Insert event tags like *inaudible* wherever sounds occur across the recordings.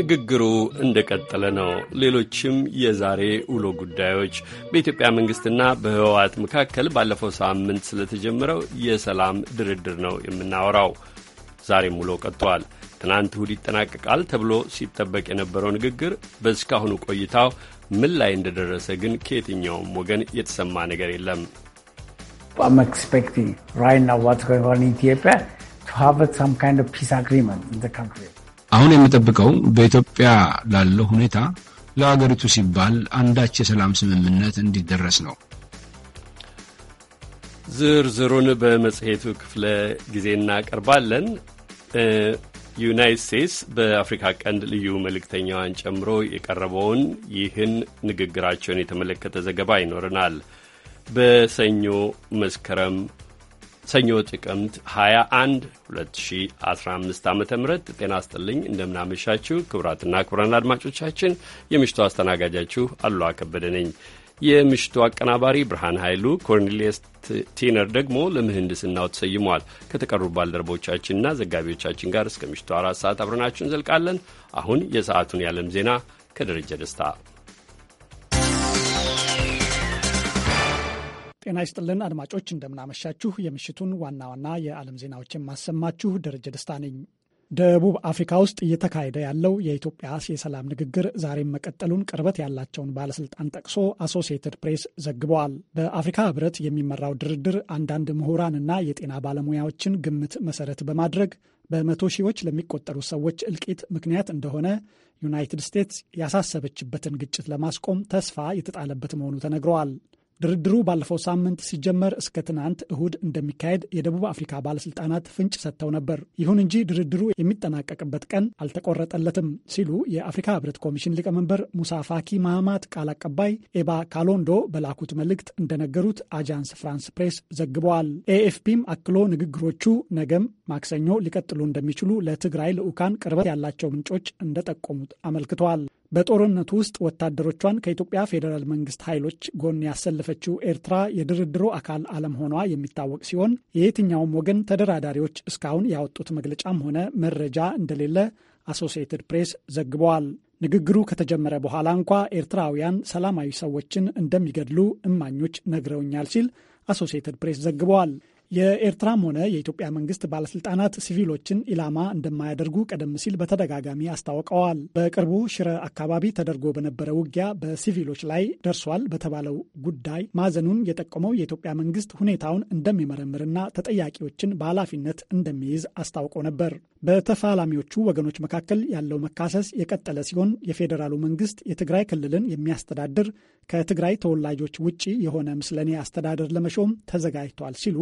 ንግግሩ እንደቀጠለ ነው። ሌሎችም የዛሬ ውሎ ጉዳዮች በኢትዮጵያ መንግስትና በህወሓት መካከል ባለፈው ሳምንት ስለተጀመረው የሰላም ድርድር ነው የምናወራው። ዛሬም ውሎ ቀጥቷል። ትናንት እሁድ ይጠናቀቃል ተብሎ ሲጠበቅ የነበረው ንግግር በእስካሁኑ ቆይታው ምን ላይ እንደደረሰ ግን ከየትኛውም ወገን የተሰማ ነገር የለም። ኢትዮጵያ አሁን የምጠብቀው በኢትዮጵያ ላለው ሁኔታ ለአገሪቱ ሲባል አንዳች የሰላም ስምምነት እንዲደረስ ነው። ዝርዝሩን በመጽሔቱ ክፍለ ጊዜ እናቀርባለን። ዩናይት ስቴትስ በአፍሪካ ቀንድ ልዩ መልእክተኛዋን ጨምሮ የቀረበውን ይህን ንግግራቸውን የተመለከተ ዘገባ ይኖረናል። በሰኞ መስከረም ሰኞ ጥቅምት 21 2015 ዓ ም ጤና ስጥልኝ። እንደምናመሻችሁ ክቡራትና ክቡራን አድማጮቻችን የምሽቱ አስተናጋጃችሁ አሉላ ከበደ ነኝ። የምሽቱ አቀናባሪ ብርሃን ኃይሉ፣ ኮርኔሊየስ ቲነር ደግሞ ለምህንድስናው ተሰይሟል። ከተቀሩ ባልደረቦቻችንና ዘጋቢዎቻችን ጋር እስከ ምሽቱ አራት ሰዓት አብረናችሁ እንዘልቃለን። አሁን የሰዓቱን የዓለም ዜና ከደረጀ ደስታ ጤና ይስጥልን አድማጮች፣ እንደምናመሻችሁ። የምሽቱን ዋና ዋና የዓለም ዜናዎች የማሰማችሁ ደረጀ ደስታ ነኝ። ደቡብ አፍሪካ ውስጥ እየተካሄደ ያለው የኢትዮጵያ የሰላም ንግግር ዛሬም መቀጠሉን ቅርበት ያላቸውን ባለስልጣን ጠቅሶ አሶሲየትድ ፕሬስ ዘግበዋል። በአፍሪካ ህብረት የሚመራው ድርድር አንዳንድ ምሁራንና የጤና ባለሙያዎችን ግምት መሰረት በማድረግ በመቶ ሺዎች ለሚቆጠሩ ሰዎች እልቂት ምክንያት እንደሆነ ዩናይትድ ስቴትስ ያሳሰበችበትን ግጭት ለማስቆም ተስፋ የተጣለበት መሆኑ ተነግረዋል። ድርድሩ ባለፈው ሳምንት ሲጀመር እስከ ትናንት እሁድ እንደሚካሄድ የደቡብ አፍሪካ ባለስልጣናት ፍንጭ ሰጥተው ነበር። ይሁን እንጂ ድርድሩ የሚጠናቀቅበት ቀን አልተቆረጠለትም ሲሉ የአፍሪካ ህብረት ኮሚሽን ሊቀመንበር ሙሳ ፋኪ ማህማት ቃል አቀባይ ኤባ ካሎንዶ በላኩት መልእክት እንደነገሩት አጃንስ ፍራንስ ፕሬስ ዘግበዋል። ኤኤፍፒም አክሎ ንግግሮቹ ነገም ማክሰኞ ሊቀጥሉ እንደሚችሉ ለትግራይ ልዑካን ቅርበት ያላቸው ምንጮች እንደጠቆሙት አመልክተዋል። በጦርነቱ ውስጥ ወታደሮቿን ከኢትዮጵያ ፌዴራል መንግስት ኃይሎች ጎን ያሰለፈችው ኤርትራ የድርድሩ አካል አለመሆኗ የሚታወቅ ሲሆን የየትኛውም ወገን ተደራዳሪዎች እስካሁን ያወጡት መግለጫም ሆነ መረጃ እንደሌለ አሶሲየትድ ፕሬስ ዘግበዋል። ንግግሩ ከተጀመረ በኋላ እንኳ ኤርትራውያን ሰላማዊ ሰዎችን እንደሚገድሉ እማኞች ነግረውኛል ሲል አሶሲየትድ ፕሬስ ዘግበዋል። የኤርትራም ሆነ የኢትዮጵያ መንግስት ባለስልጣናት ሲቪሎችን ኢላማ እንደማያደርጉ ቀደም ሲል በተደጋጋሚ አስታውቀዋል። በቅርቡ ሽረ አካባቢ ተደርጎ በነበረ ውጊያ በሲቪሎች ላይ ደርሷል በተባለው ጉዳይ ማዘኑን የጠቆመው የኢትዮጵያ መንግስት ሁኔታውን እንደሚመረምርና ተጠያቂዎችን በኃላፊነት እንደሚይዝ አስታውቆ ነበር። በተፋላሚዎቹ ወገኖች መካከል ያለው መካሰስ የቀጠለ ሲሆን የፌዴራሉ መንግስት የትግራይ ክልልን የሚያስተዳድር ከትግራይ ተወላጆች ውጪ የሆነ ምስለኔ አስተዳደር ለመሾም ተዘጋጅቷል ሲሉ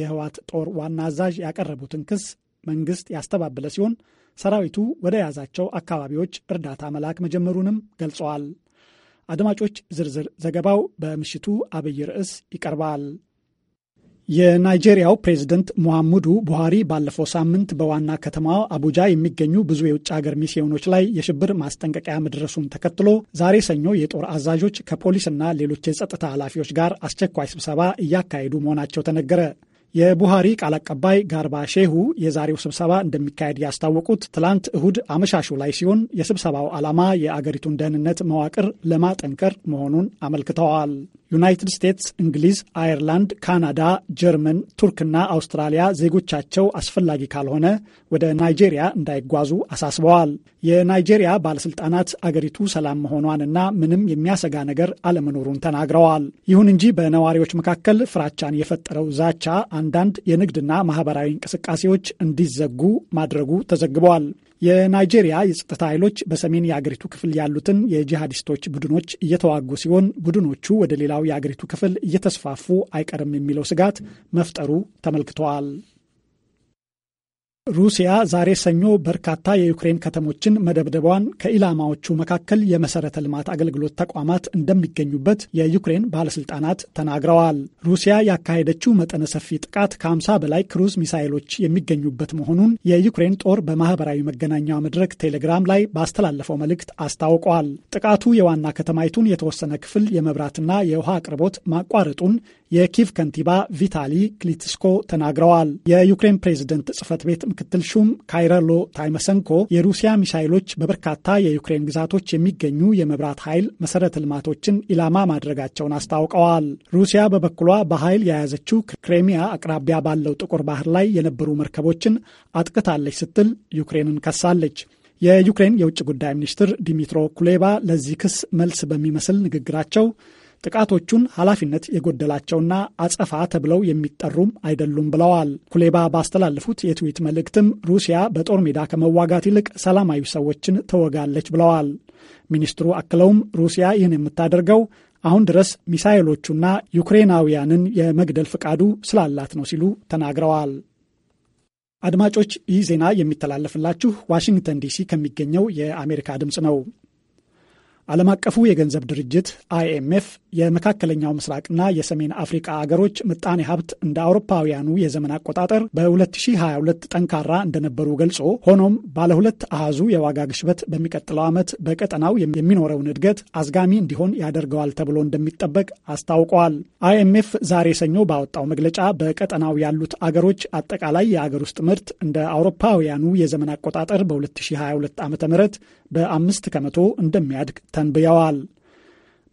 የህወሓት ጦር ዋና አዛዥ ያቀረቡትን ክስ መንግስት ያስተባበለ ሲሆን ሰራዊቱ ወደ ያዛቸው አካባቢዎች እርዳታ መላክ መጀመሩንም ገልጸዋል። አድማጮች፣ ዝርዝር ዘገባው በምሽቱ አብይ ርዕስ ይቀርባል። የናይጄሪያው ፕሬዝደንት ሙሐሙዱ ቡሃሪ ባለፈው ሳምንት በዋና ከተማ አቡጃ የሚገኙ ብዙ የውጭ ሀገር ሚስዮኖች ላይ የሽብር ማስጠንቀቂያ መድረሱን ተከትሎ ዛሬ ሰኞ የጦር አዛዦች ከፖሊስና ሌሎች የጸጥታ ኃላፊዎች ጋር አስቸኳይ ስብሰባ እያካሄዱ መሆናቸው ተነገረ። የቡሃሪ ቃል አቀባይ ጋርባ ሼሁ የዛሬው ስብሰባ እንደሚካሄድ ያስታወቁት ትላንት እሁድ አመሻሹ ላይ ሲሆን የስብሰባው ዓላማ የአገሪቱን ደህንነት መዋቅር ለማጠንከር መሆኑን አመልክተዋል። ዩናይትድ ስቴትስ፣ እንግሊዝ፣ አየርላንድ፣ ካናዳ፣ ጀርመን፣ ቱርክና አውስትራሊያ ዜጎቻቸው አስፈላጊ ካልሆነ ወደ ናይጄሪያ እንዳይጓዙ አሳስበዋል። የናይጄሪያ ባለስልጣናት አገሪቱ ሰላም መሆኗንና ምንም የሚያሰጋ ነገር አለመኖሩን ተናግረዋል። ይሁን እንጂ በነዋሪዎች መካከል ፍራቻን የፈጠረው ዛቻ አንዳንድ የንግድና ማህበራዊ እንቅስቃሴዎች እንዲዘጉ ማድረጉ ተዘግበዋል። የናይጄሪያ የጸጥታ ኃይሎች በሰሜን የአገሪቱ ክፍል ያሉትን የጂሃዲስቶች ቡድኖች እየተዋጉ ሲሆን ቡድኖቹ ወደ ሌላው የአገሪቱ ክፍል እየተስፋፉ አይቀርም የሚለው ስጋት መፍጠሩ ተመልክተዋል። ሩሲያ ዛሬ ሰኞ በርካታ የዩክሬን ከተሞችን መደብደቧን ከኢላማዎቹ መካከል የመሰረተ ልማት አገልግሎት ተቋማት እንደሚገኙበት የዩክሬን ባለስልጣናት ተናግረዋል። ሩሲያ ያካሄደችው መጠነ ሰፊ ጥቃት ከ50 በላይ ክሩዝ ሚሳይሎች የሚገኙበት መሆኑን የዩክሬን ጦር በማህበራዊ መገናኛ መድረክ ቴሌግራም ላይ ባስተላለፈው መልእክት አስታውቋል። ጥቃቱ የዋና ከተማይቱን የተወሰነ ክፍል የመብራትና የውሃ አቅርቦት ማቋረጡን የኪቭ ከንቲባ ቪታሊ ክሊትስኮ ተናግረዋል። የዩክሬን ፕሬዝደንት ጽህፈት ቤት ምክትል ሹም ካይረሎ ታይመሰንኮ የሩሲያ ሚሳይሎች በበርካታ የዩክሬን ግዛቶች የሚገኙ የመብራት ኃይል መሰረተ ልማቶችን ኢላማ ማድረጋቸውን አስታውቀዋል። ሩሲያ በበኩሏ በኃይል የያዘችው ክሬሚያ አቅራቢያ ባለው ጥቁር ባህር ላይ የነበሩ መርከቦችን አጥቅታለች ስትል ዩክሬንን ከሳለች። የዩክሬን የውጭ ጉዳይ ሚኒስትር ዲሚትሮ ኩሌባ ለዚህ ክስ መልስ በሚመስል ንግግራቸው ጥቃቶቹን ኃላፊነት የጎደላቸውና አጸፋ ተብለው የሚጠሩም አይደሉም ብለዋል። ኩሌባ ባስተላለፉት የትዊት መልእክትም ሩሲያ በጦር ሜዳ ከመዋጋት ይልቅ ሰላማዊ ሰዎችን ትወጋለች ብለዋል። ሚኒስትሩ አክለውም ሩሲያ ይህን የምታደርገው አሁን ድረስ ሚሳይሎቹና ዩክሬናውያንን የመግደል ፍቃዱ ስላላት ነው ሲሉ ተናግረዋል። አድማጮች፣ ይህ ዜና የሚተላለፍላችሁ ዋሽንግተን ዲሲ ከሚገኘው የአሜሪካ ድምፅ ነው። ዓለም አቀፉ የገንዘብ ድርጅት አይኤምኤፍ የመካከለኛው ምስራቅና የሰሜን አፍሪካ አገሮች ምጣኔ ሀብት እንደ አውሮፓውያኑ የዘመን አቆጣጠር በ2022 ጠንካራ እንደነበሩ ገልጾ ሆኖም ባለሁለት አሃዙ የዋጋ ግሽበት በሚቀጥለው ዓመት በቀጠናው የሚኖረውን እድገት አዝጋሚ እንዲሆን ያደርገዋል ተብሎ እንደሚጠበቅ አስታውቀዋል። አይኤምኤፍ ዛሬ ሰኞ ባወጣው መግለጫ በቀጠናው ያሉት አገሮች አጠቃላይ የአገር ውስጥ ምርት እንደ አውሮፓውያኑ የዘመን አቆጣጠር በ2022 ዓ ም በአምስት ከመቶ እንደሚያድግ ተንብየዋል።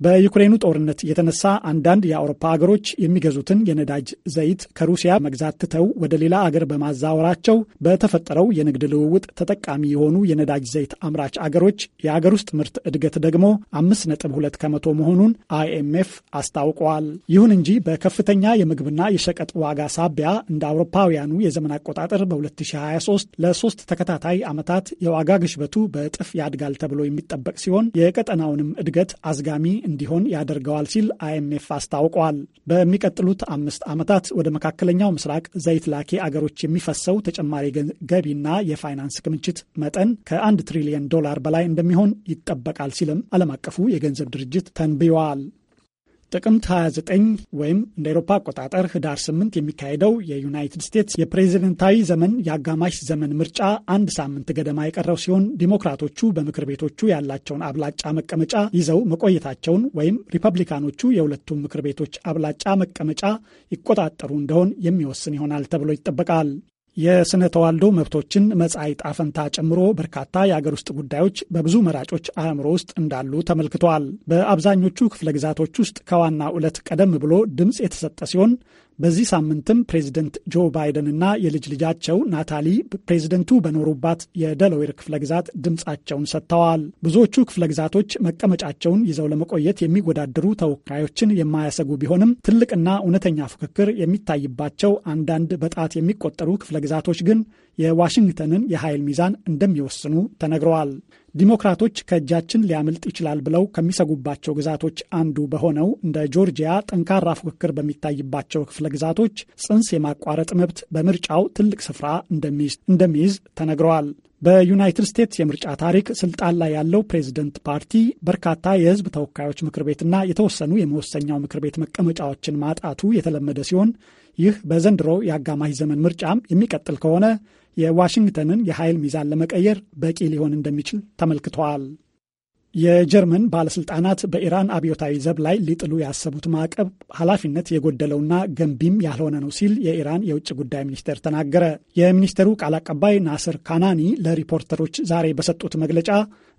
በዩክሬኑ ጦርነት የተነሳ አንዳንድ የአውሮፓ አገሮች የሚገዙትን የነዳጅ ዘይት ከሩሲያ መግዛት ትተው ወደ ሌላ አገር በማዛወራቸው በተፈጠረው የንግድ ልውውጥ ተጠቃሚ የሆኑ የነዳጅ ዘይት አምራች አገሮች የአገር ውስጥ ምርት እድገት ደግሞ 5.2 ከመቶ መሆኑን አይኤምኤፍ አስታውቀዋል። ይሁን እንጂ በከፍተኛ የምግብና የሸቀጥ ዋጋ ሳቢያ እንደ አውሮፓውያኑ የዘመን አቆጣጠር በ2023 ለሶስት ተከታታይ ዓመታት የዋጋ ግሽበቱ በእጥፍ ያድጋል ተብሎ የሚጠበቅ ሲሆን የቀጠናውንም እድገት አዝጋሚ እንዲሆን ያደርገዋል ሲል አይኤምኤፍ አስታውቋል። በሚቀጥሉት አምስት ዓመታት ወደ መካከለኛው ምስራቅ ዘይት ላኪ አገሮች የሚፈሰው ተጨማሪ ገቢና የፋይናንስ ክምችት መጠን ከአንድ ትሪሊየን ዶላር በላይ እንደሚሆን ይጠበቃል ሲልም ዓለም አቀፉ የገንዘብ ድርጅት ተንብዮዋል። ጥቅምት 29 ወይም እንደ ኤሮፓ አቆጣጠር ህዳር 8 የሚካሄደው የዩናይትድ ስቴትስ የፕሬዝደንታዊ ዘመን የአጋማሽ ዘመን ምርጫ አንድ ሳምንት ገደማ የቀረው ሲሆን ዲሞክራቶቹ በምክር ቤቶቹ ያላቸውን አብላጫ መቀመጫ ይዘው መቆየታቸውን ወይም ሪፐብሊካኖቹ የሁለቱም ምክር ቤቶች አብላጫ መቀመጫ ይቆጣጠሩ እንደሆን የሚወስን ይሆናል ተብሎ ይጠበቃል። የስነ ተዋልዶ መብቶችን መጻኢ ዕጣ ፈንታ ጨምሮ በርካታ የአገር ውስጥ ጉዳዮች በብዙ መራጮች አእምሮ ውስጥ እንዳሉ ተመልክተዋል። በአብዛኞቹ ክፍለ ግዛቶች ውስጥ ከዋና ዕለት ቀደም ብሎ ድምፅ የተሰጠ ሲሆን በዚህ ሳምንትም ፕሬዚደንት ጆ ባይደንና የልጅ ልጃቸው ናታሊ ፕሬዚደንቱ በኖሩባት የደለዌር ክፍለ ግዛት ድምፃቸውን ሰጥተዋል። ብዙዎቹ ክፍለ ግዛቶች መቀመጫቸውን ይዘው ለመቆየት የሚወዳደሩ ተወካዮችን የማያሰጉ ቢሆንም ትልቅና እውነተኛ ፉክክር የሚታይባቸው አንዳንድ በጣት የሚቆጠሩ ክፍለ ግዛቶች ግን የዋሽንግተንን የኃይል ሚዛን እንደሚወስኑ ተነግረዋል። ዲሞክራቶች ከእጃችን ሊያመልጥ ይችላል ብለው ከሚሰጉባቸው ግዛቶች አንዱ በሆነው እንደ ጆርጂያ ጠንካራ ፉክክር በሚታይባቸው ክፍለ ግዛቶች ጽንስ የማቋረጥ መብት በምርጫው ትልቅ ስፍራ እንደሚይዝ ተነግረዋል። በዩናይትድ ስቴትስ የምርጫ ታሪክ ስልጣን ላይ ያለው ፕሬዝደንት ፓርቲ በርካታ የህዝብ ተወካዮች ምክር ቤትና የተወሰኑ የመወሰኛው ምክር ቤት መቀመጫዎችን ማጣቱ የተለመደ ሲሆን ይህ በዘንድሮ የአጋማሽ ዘመን ምርጫም የሚቀጥል ከሆነ የዋሽንግተንን የኃይል ሚዛን ለመቀየር በቂ ሊሆን እንደሚችል ተመልክተዋል። የጀርመን ባለስልጣናት በኢራን አብዮታዊ ዘብ ላይ ሊጥሉ ያሰቡት ማዕቀብ ኃላፊነት የጎደለውና ገንቢም ያልሆነ ነው ሲል የኢራን የውጭ ጉዳይ ሚኒስቴር ተናገረ። የሚኒስቴሩ ቃል አቀባይ ናስር ካናኒ ለሪፖርተሮች ዛሬ በሰጡት መግለጫ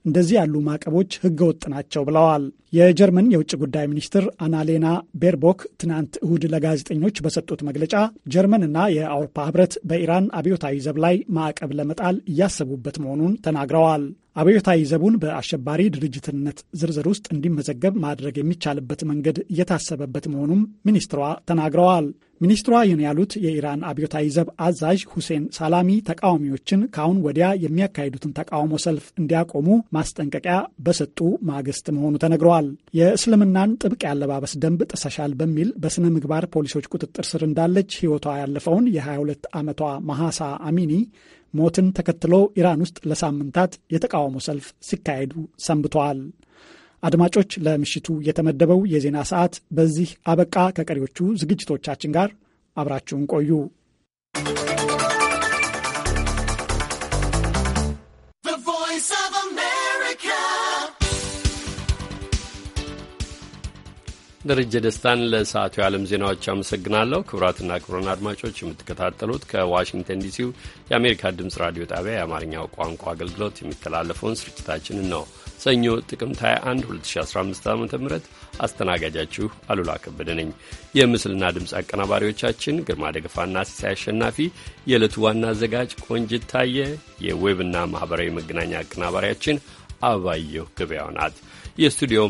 እንደዚህ ያሉ ማዕቀቦች ህገወጥ ናቸው ብለዋል። የጀርመን የውጭ ጉዳይ ሚኒስትር አናሌና ቤርቦክ ትናንት እሁድ ለጋዜጠኞች በሰጡት መግለጫ ጀርመንና የአውሮፓ ህብረት በኢራን አብዮታዊ ዘብ ላይ ማዕቀብ ለመጣል እያሰቡበት መሆኑን ተናግረዋል። አብዮታዊ ዘቡን በአሸባሪ ድርጅትነት ዝርዝር ውስጥ እንዲመዘገብ ማድረግ የሚቻልበት መንገድ እየታሰበበት መሆኑም ሚኒስትሯ ተናግረዋል። ሚኒስትሯ ይህን ያሉት የኢራን አብዮታዊ ዘብ አዛዥ ሁሴን ሳላሚ ተቃዋሚዎችን ከአሁን ወዲያ የሚያካሂዱትን ተቃውሞ ሰልፍ እንዲያቆሙ ማስጠንቀቂያ በሰጡ ማግስት መሆኑ ተነግረዋል። የእስልምናን ጥብቅ ያለባበስ ደንብ ጥሰሻል በሚል በስነ ምግባር ፖሊሶች ቁጥጥር ስር እንዳለች ሕይወቷ ያለፈውን የ22 ዓመቷ መሐሳ አሚኒ ሞትን ተከትሎ ኢራን ውስጥ ለሳምንታት የተቃውሞ ሰልፍ ሲካሄዱ ሰንብተዋል። አድማጮች፣ ለምሽቱ የተመደበው የዜና ሰዓት በዚህ አበቃ። ከቀሪዎቹ ዝግጅቶቻችን ጋር አብራችሁን ቆዩ። ደረጀ ደስታን ለሰዓቱ የዓለም ዜናዎች አመሰግናለሁ። ክቡራትና ክቡራን አድማጮች የምትከታተሉት ከዋሽንግተን ዲሲው የአሜሪካ ድምፅ ራዲዮ ጣቢያ የአማርኛው ቋንቋ አገልግሎት የሚተላለፈውን ስርጭታችንን ነው። ሰኞ ጥቅምት 21 2015 ዓ ም አስተናጋጃችሁ አሉላ ከበደ ነኝ። የምስልና ድምፅ አቀናባሪዎቻችን ግርማ ደገፋና ሲሳይ አሸናፊ፣ የዕለቱ ዋና አዘጋጅ ቆንጅት ታየ፣ የዌብና ማኅበራዊ መገናኛ አቀናባሪያችን አበባየሁ ገበያው ናት። የስቱዲዮ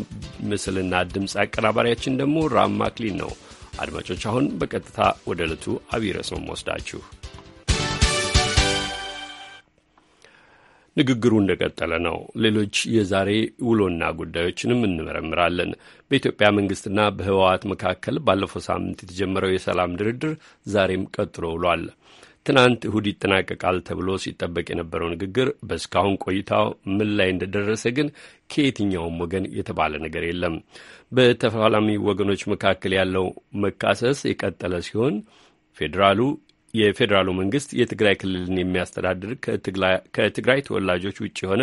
ምስልና ድምፅ አቀናባሪያችን ደግሞ ራም ማክሊን ነው። አድማጮች አሁን በቀጥታ ወደ ዕለቱ አብይ ርዕስ ነው የምወስዳችሁ። ንግግሩ እንደቀጠለ ነው። ሌሎች የዛሬ ውሎና ጉዳዮችንም እንመረምራለን። በኢትዮጵያ መንግስትና በህወሓት መካከል ባለፈው ሳምንት የተጀመረው የሰላም ድርድር ዛሬም ቀጥሎ ውሏል። ትናንት እሁድ ይጠናቀቃል ተብሎ ሲጠበቅ የነበረው ንግግር በእስካሁን ቆይታው ምን ላይ እንደደረሰ ግን ከየትኛውም ወገን የተባለ ነገር የለም። በተፋላሚ ወገኖች መካከል ያለው መካሰስ የቀጠለ ሲሆን ፌዴራሉ የፌዴራሉ መንግስት የትግራይ ክልልን የሚያስተዳድር ከትግራይ ተወላጆች ውጭ የሆነ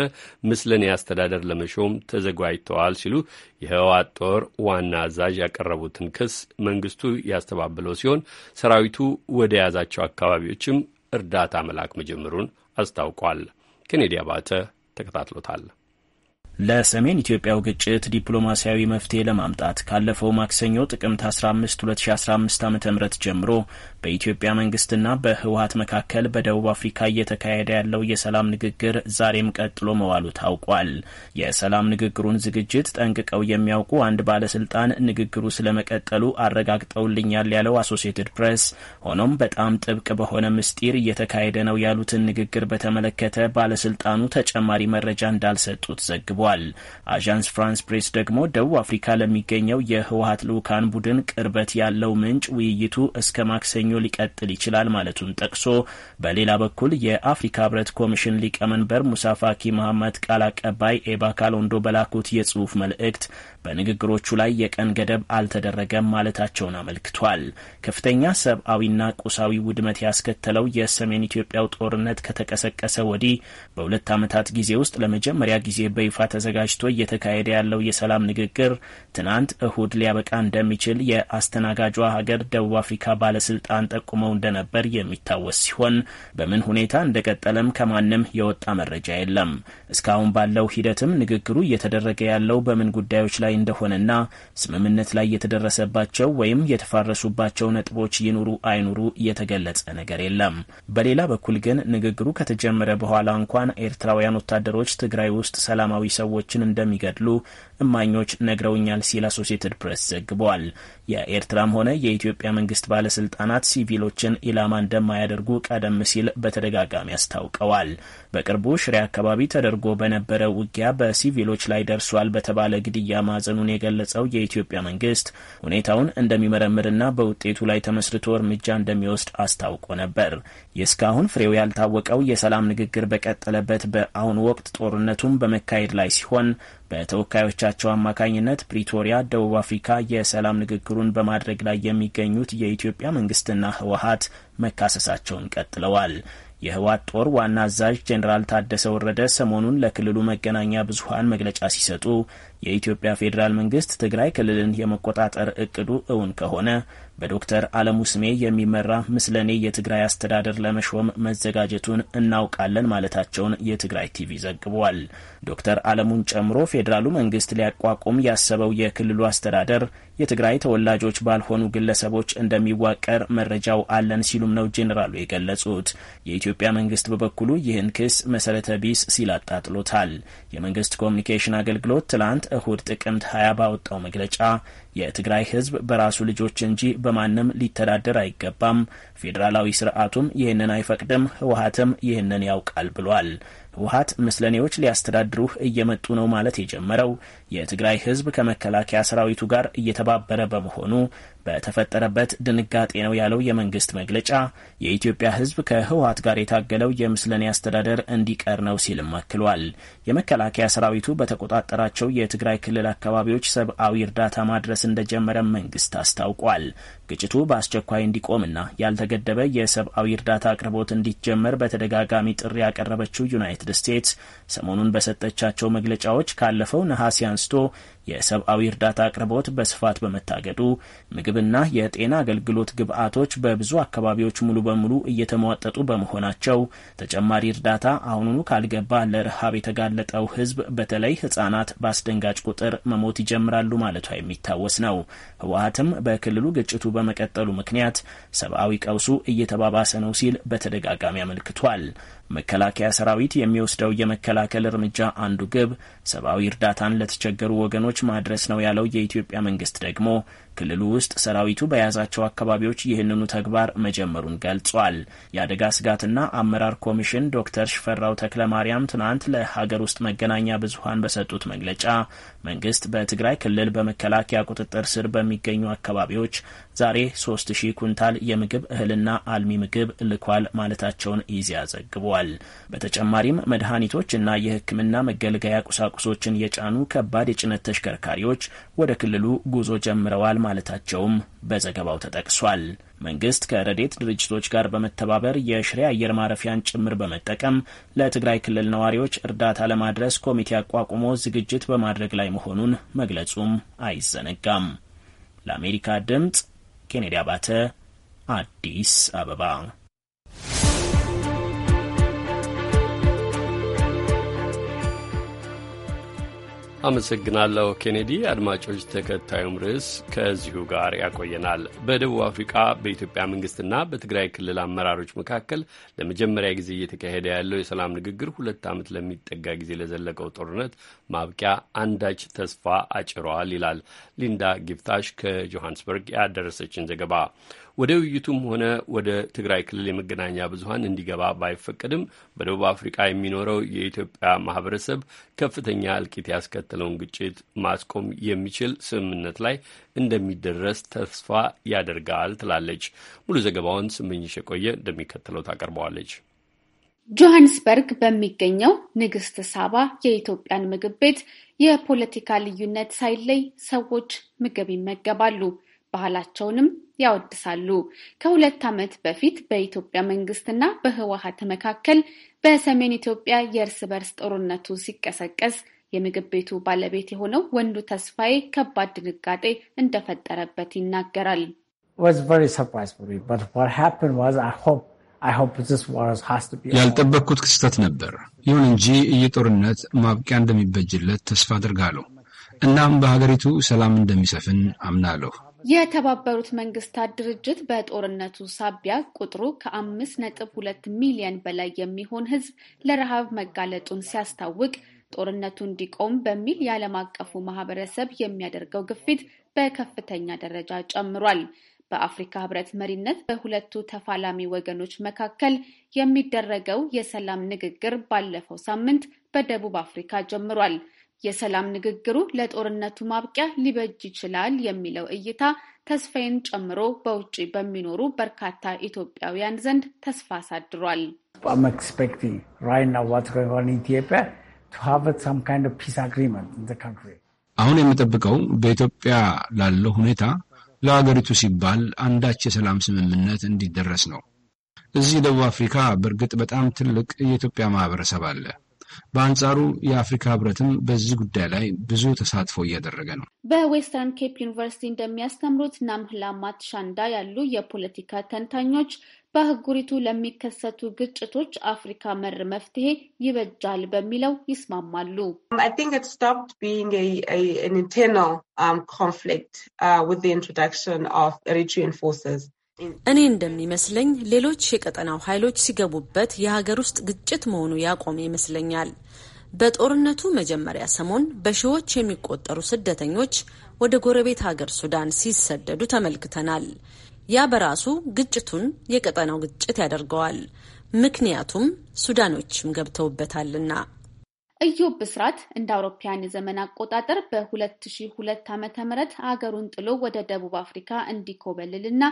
ምስልን አስተዳደር ለመሾም ተዘጋጅተዋል ሲሉ የህወሓት ጦር ዋና አዛዥ ያቀረቡትን ክስ መንግስቱ ያስተባበለው ሲሆን ሰራዊቱ ወደ ያዛቸው አካባቢዎችም እርዳታ መላክ መጀመሩን አስታውቋል። ኬኔዲ አባተ ተከታትሎታል። ለሰሜን ኢትዮጵያው ግጭት ዲፕሎማሲያዊ መፍትሄ ለማምጣት ካለፈው ማክሰኞ ጥቅምት 15 2015 ዓ ም ጀምሮ በኢትዮጵያ መንግስትና በህወሀት መካከል በደቡብ አፍሪካ እየተካሄደ ያለው የሰላም ንግግር ዛሬም ቀጥሎ መዋሉ ታውቋል። የሰላም ንግግሩን ዝግጅት ጠንቅቀው የሚያውቁ አንድ ባለስልጣን ንግግሩ ስለመቀጠሉ አረጋግጠውልኛል ያለው አሶሲየትድ ፕሬስ፣ ሆኖም በጣም ጥብቅ በሆነ ምስጢር እየተካሄደ ነው ያሉትን ንግግር በተመለከተ ባለስልጣኑ ተጨማሪ መረጃ እንዳልሰጡት ዘግቧል። ገልጿል። አዣንስ ፍራንስ ፕሬስ ደግሞ ደቡብ አፍሪካ ለሚገኘው የህወሀት ልዑካን ቡድን ቅርበት ያለው ምንጭ ውይይቱ እስከ ማክሰኞ ሊቀጥል ይችላል ማለቱን ጠቅሶ በሌላ በኩል የአፍሪካ ህብረት ኮሚሽን ሊቀመንበር ሙሳፋኪ መሐመድ ቃል አቀባይ ኤባ ካሎንዶ በላኩት የጽሁፍ መልእክት በንግግሮቹ ላይ የቀን ገደብ አልተደረገም ማለታቸውን አመልክቷል። ከፍተኛ ሰብአዊና ቁሳዊ ውድመት ያስከተለው የሰሜን ኢትዮጵያው ጦርነት ከተቀሰቀሰ ወዲህ በሁለት ዓመታት ጊዜ ውስጥ ለመጀመሪያ ጊዜ በይፋ ተዘጋጅቶ እየተካሄደ ያለው የሰላም ንግግር ትናንት እሁድ ሊያበቃ እንደሚችል የአስተናጋጇ ሀገር ደቡብ አፍሪካ ባለስልጣን ጠቁመው እንደነበር የሚታወስ ሲሆን በምን ሁኔታ እንደቀጠለም ከማንም የወጣ መረጃ የለም። እስካሁን ባለው ሂደትም ንግግሩ እየተደረገ ያለው በምን ጉዳዮች ላይ ላይ እንደሆነና ስምምነት ላይ የተደረሰባቸው ወይም የተፋረሱባቸው ነጥቦች ይኑሩ አይኑሩ የተገለጸ ነገር የለም። በሌላ በኩል ግን ንግግሩ ከተጀመረ በኋላ እንኳን ኤርትራውያን ወታደሮች ትግራይ ውስጥ ሰላማዊ ሰዎችን እንደሚገድሉ እማኞች ነግረውኛል ሲል አሶሴትድ ፕሬስ ዘግቧል። የኤርትራም ሆነ የኢትዮጵያ መንግስት ባለስልጣናት ሲቪሎችን ኢላማ እንደማያደርጉ ቀደም ሲል በተደጋጋሚ አስታውቀዋል። በቅርቡ ሽሬ አካባቢ ተደርጎ በነበረ ውጊያ በሲቪሎች ላይ ደርሷል በተባለ ግድያ ማዘኑን የገለጸው የኢትዮጵያ መንግስት ሁኔታውን እንደሚመረምርና በውጤቱ ላይ ተመስርቶ እርምጃ እንደሚወስድ አስታውቆ ነበር። እስካሁን ፍሬው ያልታወቀው የሰላም ንግግር በቀጠለበት በአሁኑ ወቅት ጦርነቱም በመካሄድ ላይ ሲሆን በተወካዮቻቸው አማካኝነት ፕሪቶሪያ፣ ደቡብ አፍሪካ የሰላም ንግግሩን በማድረግ ላይ የሚገኙት የኢትዮጵያ መንግስትና ህወሀት መካሰሳቸውን ቀጥለዋል። የህወሓት ጦር ዋና አዛዥ ጄኔራል ታደሰ ወረደ ሰሞኑን ለክልሉ መገናኛ ብዙሀን መግለጫ ሲሰጡ የኢትዮጵያ ፌዴራል መንግስት ትግራይ ክልልን የመቆጣጠር እቅዱ እውን ከሆነ በዶክተር አለሙ ስሜ የሚመራ ምስለኔ የትግራይ አስተዳደር ለመሾም መዘጋጀቱን እናውቃለን ማለታቸውን የትግራይ ቲቪ ዘግቧል። ዶክተር አለሙን ጨምሮ ፌዴራሉ መንግስት ሊያቋቁም ያሰበው የክልሉ አስተዳደር የትግራይ ተወላጆች ባልሆኑ ግለሰቦች እንደሚዋቀር መረጃው አለን ሲሉም ነው ጄኔራሉ የገለጹት። የኢትዮጵያ መንግስት በበኩሉ ይህን ክስ መሰረተ ቢስ ሲል አጣጥሎታል። የመንግስት ኮሚኒኬሽን አገልግሎት ትላንት እሁድ ጥቅምት 20 ባወጣው መግለጫ የትግራይ ህዝብ በራሱ ልጆች እንጂ በማንም ሊተዳደር አይገባም፣ ፌዴራላዊ ስርዓቱም ይህንን አይፈቅድም፣ ህወሀትም ይህንን ያውቃል ብሏል። ህወሀት ምስለኔዎች ሊያስተዳድሩህ እየመጡ ነው ማለት የጀመረው የትግራይ ህዝብ ከመከላከያ ሰራዊቱ ጋር እየተባበረ በመሆኑ በተፈጠረበት ድንጋጤ ነው ያለው የመንግስት መግለጫ፣ የኢትዮጵያ ህዝብ ከህወሀት ጋር የታገለው የምስለኔ አስተዳደር እንዲቀር ነው ሲልም አክሏል። የመከላከያ ሰራዊቱ በተቆጣጠራቸው የትግራይ ክልል አካባቢዎች ሰብአዊ እርዳታ ማድረስ እንደጀመረ መንግስት አስታውቋል። ግጭቱ በአስቸኳይ እንዲቆምና ያልተገደበ የሰብአዊ እርዳታ አቅርቦት እንዲጀመር በተደጋጋሚ ጥሪ ያቀረበችው ዩናይትድ ስቴትስ ሰሞኑን በሰጠቻቸው መግለጫዎች ካለፈው ነሐሴ store የሰብአዊ እርዳታ አቅርቦት በስፋት በመታገዱ ምግብና የጤና አገልግሎት ግብዓቶች በብዙ አካባቢዎች ሙሉ በሙሉ እየተሟጠጡ በመሆናቸው ተጨማሪ እርዳታ አሁኑኑ ካልገባ ለረሃብ የተጋለጠው ሕዝብ በተለይ ሕጻናት በአስደንጋጭ ቁጥር መሞት ይጀምራሉ ማለቷ የሚታወስ ነው። ህወሀትም በክልሉ ግጭቱ በመቀጠሉ ምክንያት ሰብአዊ ቀውሱ እየተባባሰ ነው ሲል በተደጋጋሚ አመልክቷል። መከላከያ ሰራዊት የሚወስደው የመከላከል እርምጃ አንዱ ግብ ሰብአዊ እርዳታን ለተቸገሩ ወገኖች ማድረስ ነው ያለው የኢትዮጵያ መንግስት ደግሞ ክልሉ ውስጥ ሰራዊቱ በያዛቸው አካባቢዎች ይህንኑ ተግባር መጀመሩን ገልጿል። የአደጋ ስጋትና አመራር ኮሚሽን ዶክተር ሽፈራው ተክለ ማርያም ትናንት ለሀገር ውስጥ መገናኛ ብዙሀን በሰጡት መግለጫ መንግስት በትግራይ ክልል በመከላከያ ቁጥጥር ስር በሚገኙ አካባቢዎች ዛሬ 3000 ኩንታል የምግብ እህልና አልሚ ምግብ ልኳል ማለታቸውን ኢዜአ ዘግቧል። በተጨማሪም መድኃኒቶች እና የሕክምና መገልገያ ቁሳቁሶችን የጫኑ ከባድ የጭነት ተሽከርካሪዎች ወደ ክልሉ ጉዞ ጀምረዋል ማለታቸውም በዘገባው ተጠቅሷል። መንግስት ከረዴት ድርጅቶች ጋር በመተባበር የሽሬ አየር ማረፊያን ጭምር በመጠቀም ለትግራይ ክልል ነዋሪዎች እርዳታ ለማድረስ ኮሚቴ አቋቁሞ ዝግጅት በማድረግ ላይ መሆኑን መግለጹም አይዘነጋም። ለአሜሪካ ድምፅ ኬኔዲ አባተ አዲስ አበባ አመሰግናለሁ ኬኔዲ። አድማጮች፣ ተከታዩም ርዕስ ከዚሁ ጋር ያቆየናል። በደቡብ አፍሪቃ በኢትዮጵያ መንግስትና በትግራይ ክልል አመራሮች መካከል ለመጀመሪያ ጊዜ እየተካሄደ ያለው የሰላም ንግግር ሁለት ዓመት ለሚጠጋ ጊዜ ለዘለቀው ጦርነት ማብቂያ አንዳች ተስፋ አጭረዋል ይላል ሊንዳ ጊፍታሽ ከጆሃንስበርግ ያደረሰችን ዘገባ። ወደ ውይይቱም ሆነ ወደ ትግራይ ክልል የመገናኛ ብዙኃን እንዲገባ ባይፈቀድም በደቡብ አፍሪካ የሚኖረው የኢትዮጵያ ማህበረሰብ ከፍተኛ እልቂት ያስከተለውን ግጭት ማስቆም የሚችል ስምምነት ላይ እንደሚደረስ ተስፋ ያደርጋል ትላለች። ሙሉ ዘገባውን ስምኝሽ የቆየ እንደሚከተለው ታቀርበዋለች። ጆሃንስበርግ በሚገኘው ንግስት ሳባ የኢትዮጵያን ምግብ ቤት የፖለቲካ ልዩነት ሳይለይ ሰዎች ምግብ ይመገባሉ። ባህላቸውንም ያወድሳሉ። ከሁለት ዓመት በፊት በኢትዮጵያ መንግስትና በህወሀት መካከል በሰሜን ኢትዮጵያ የእርስ በርስ ጦርነቱ ሲቀሰቀስ የምግብ ቤቱ ባለቤት የሆነው ወንዱ ተስፋዬ ከባድ ድንጋጤ እንደፈጠረበት ይናገራል። ያልጠበቅኩት ክስተት ነበር። ይሁን እንጂ ይህ ጦርነት ማብቂያ እንደሚበጅለት ተስፋ አድርጋለሁ። እናም በሀገሪቱ ሰላም እንደሚሰፍን አምናለሁ። የተባበሩት መንግስታት ድርጅት በጦርነቱ ሳቢያ ቁጥሩ ከአምስት ነጥብ ሁለት ሚሊየን በላይ የሚሆን ሕዝብ ለረሃብ መጋለጡን ሲያስታውቅ ጦርነቱ እንዲቆም በሚል የዓለም አቀፉ ማህበረሰብ የሚያደርገው ግፊት በከፍተኛ ደረጃ ጨምሯል። በአፍሪካ ህብረት መሪነት በሁለቱ ተፋላሚ ወገኖች መካከል የሚደረገው የሰላም ንግግር ባለፈው ሳምንት በደቡብ አፍሪካ ጀምሯል። የሰላም ንግግሩ ለጦርነቱ ማብቂያ ሊበጅ ይችላል የሚለው እይታ ተስፋዬን ጨምሮ በውጭ በሚኖሩ በርካታ ኢትዮጵያውያን ዘንድ ተስፋ አሳድሯል። አሁን የምጠብቀው በኢትዮጵያ ላለው ሁኔታ ለሀገሪቱ ሲባል አንዳች የሰላም ስምምነት እንዲደረስ ነው። እዚህ ደቡብ አፍሪካ በእርግጥ በጣም ትልቅ የኢትዮጵያ ማህበረሰብ አለ። በአንጻሩ የአፍሪካ ህብረትም በዚህ ጉዳይ ላይ ብዙ ተሳትፎ እያደረገ ነው። በዌስተርን ኬፕ ዩኒቨርሲቲ እንደሚያስተምሩት ናምህላ ማትሻንዳ ያሉ የፖለቲካ ተንታኞች በአህጉሪቱ ለሚከሰቱ ግጭቶች አፍሪካ መር መፍትሄ ይበጃል በሚለው ይስማማሉ። ኢንተርናል ኮንፍሊክት ዊዝ ኢንትሮዳክሽን ኦፍ ኤሪትሪያን ፎርሰስ እኔ እንደሚመስለኝ ሌሎች የቀጠናው ኃይሎች ሲገቡበት የሀገር ውስጥ ግጭት መሆኑ ያቆመ ይመስለኛል። በጦርነቱ መጀመሪያ ሰሞን በሺዎች የሚቆጠሩ ስደተኞች ወደ ጎረቤት ሀገር ሱዳን ሲሰደዱ ተመልክተናል። ያ በራሱ ግጭቱን የቀጠናው ግጭት ያደርገዋል። ምክንያቱም ሱዳኖችም ገብተውበታልና። እዮብ ብስራት እንደ አውሮፓያን የዘመን አቆጣጠር በ2002 ም አገሩን ጥሎ ወደ ደቡብ አፍሪካ እንዲኮበልልና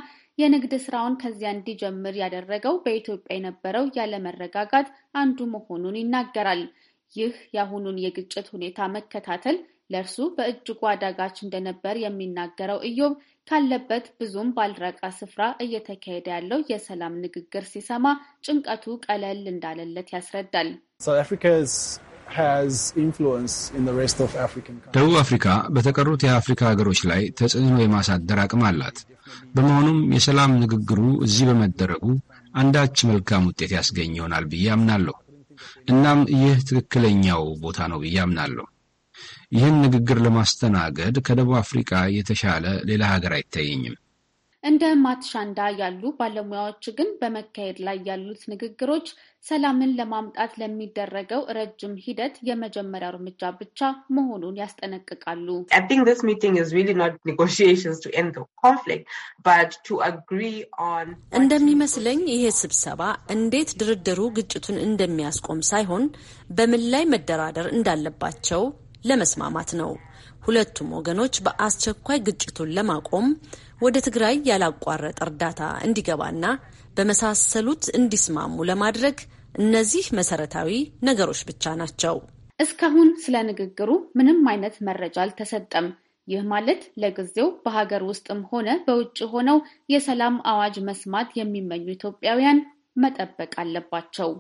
የንግድ ስራውን ከዚያ እንዲጀምር ያደረገው በኢትዮጵያ የነበረው ያለመረጋጋት አንዱ መሆኑን ይናገራል። ይህ የአሁኑን የግጭት ሁኔታ መከታተል ለእርሱ በእጅጉ አዳጋች እንደነበር የሚናገረው እዮብ ካለበት ብዙም ባልራቃ ስፍራ እየተካሄደ ያለው የሰላም ንግግር ሲሰማ ጭንቀቱ ቀለል እንዳለለት ያስረዳል። ደቡብ አፍሪካ በተቀሩት የአፍሪካ ሀገሮች ላይ ተጽዕኖ የማሳደር አቅም አላት። በመሆኑም የሰላም ንግግሩ እዚህ በመደረጉ አንዳች መልካም ውጤት ያስገኝ ይሆናል ብዬ አምናለሁ። እናም ይህ ትክክለኛው ቦታ ነው ብዬ አምናለሁ። ይህን ንግግር ለማስተናገድ ከደቡብ አፍሪካ የተሻለ ሌላ ሀገር አይታየኝም። እንደ ማትሻንዳ ያሉ ባለሙያዎች ግን በመካሄድ ላይ ያሉት ንግግሮች ሰላምን ለማምጣት ለሚደረገው ረጅም ሂደት የመጀመሪያው እርምጃ ብቻ መሆኑን ያስጠነቅቃሉ። እንደሚመስለኝ ይሄ ስብሰባ እንዴት ድርድሩ ግጭቱን እንደሚያስቆም ሳይሆን በምን ላይ መደራደር እንዳለባቸው ለመስማማት ነው። ሁለቱም ወገኖች በአስቸኳይ ግጭቱን ለማቆም ወደ ትግራይ ያላቋረጠ እርዳታ እንዲገባና በመሳሰሉት እንዲስማሙ ለማድረግ እነዚህ መሰረታዊ ነገሮች ብቻ ናቸው። እስካሁን ስለ ንግግሩ ምንም አይነት መረጃ አልተሰጠም። ይህ ማለት ለጊዜው በሀገር ውስጥም ሆነ በውጭ ሆነው የሰላም አዋጅ መስማት የሚመኙ ኢትዮጵያውያን መጠበቅ አለባቸው።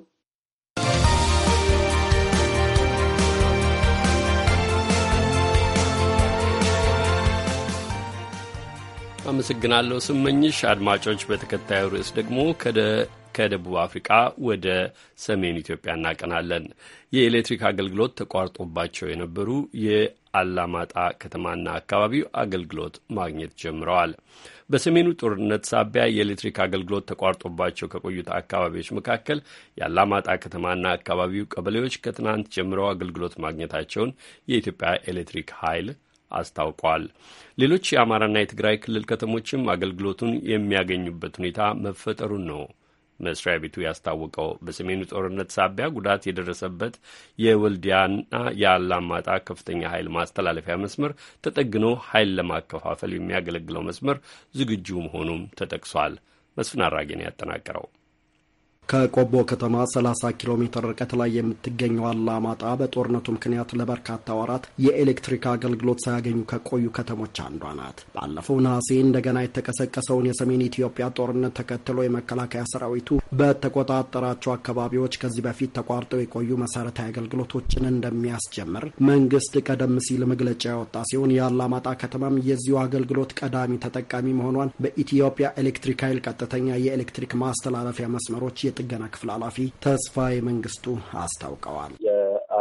አመሰግናለሁ ስመኝሽ። አድማጮች፣ በተከታዩ ርዕስ ደግሞ ከደቡብ አፍሪቃ ወደ ሰሜን ኢትዮጵያ እናቀናለን። የኤሌክትሪክ አገልግሎት ተቋርጦባቸው የነበሩ የአላማጣ ከተማና አካባቢው አገልግሎት ማግኘት ጀምረዋል። በሰሜኑ ጦርነት ሳቢያ የኤሌክትሪክ አገልግሎት ተቋርጦባቸው ከቆዩት አካባቢዎች መካከል የአላማጣ ከተማና አካባቢው ቀበሌዎች ከትናንት ጀምረው አገልግሎት ማግኘታቸውን የኢትዮጵያ ኤሌክትሪክ ኃይል አስታውቋል። ሌሎች የአማራና የትግራይ ክልል ከተሞችም አገልግሎቱን የሚያገኙበት ሁኔታ መፈጠሩን ነው መስሪያ ቤቱ ያስታወቀው። በሰሜኑ ጦርነት ሳቢያ ጉዳት የደረሰበት የወልዲያና የአላማጣ ከፍተኛ ኃይል ማስተላለፊያ መስመር ተጠግኖ ኃይል ለማከፋፈል የሚያገለግለው መስመር ዝግጁ መሆኑም ተጠቅሷል። መስፍን አራጌን ያጠናቀረው ከቆቦ ከተማ 30 ኪሎ ሜትር ርቀት ላይ የምትገኘው አላማጣ በጦርነቱ ምክንያት ለበርካታ ወራት የኤሌክትሪክ አገልግሎት ሳያገኙ ከቆዩ ከተሞች አንዷ ናት። ባለፈው ነሐሴ እንደገና የተቀሰቀሰውን የሰሜን ኢትዮጵያ ጦርነት ተከትሎ የመከላከያ ሰራዊቱ በተቆጣጠራቸው አካባቢዎች ከዚህ በፊት ተቋርጠው የቆዩ መሰረታዊ አገልግሎቶችን እንደሚያስጀምር መንግስት ቀደም ሲል መግለጫ ያወጣ ሲሆን የአላማጣ ከተማም የዚሁ አገልግሎት ቀዳሚ ተጠቃሚ መሆኗን በኢትዮጵያ ኤሌክትሪክ ኃይል ቀጥተኛ የኤሌክትሪክ ማስተላለፊያ መስመሮች የጥገና ክፍል ኃላፊ ተስፋ የመንግስቱ አስታውቀዋል።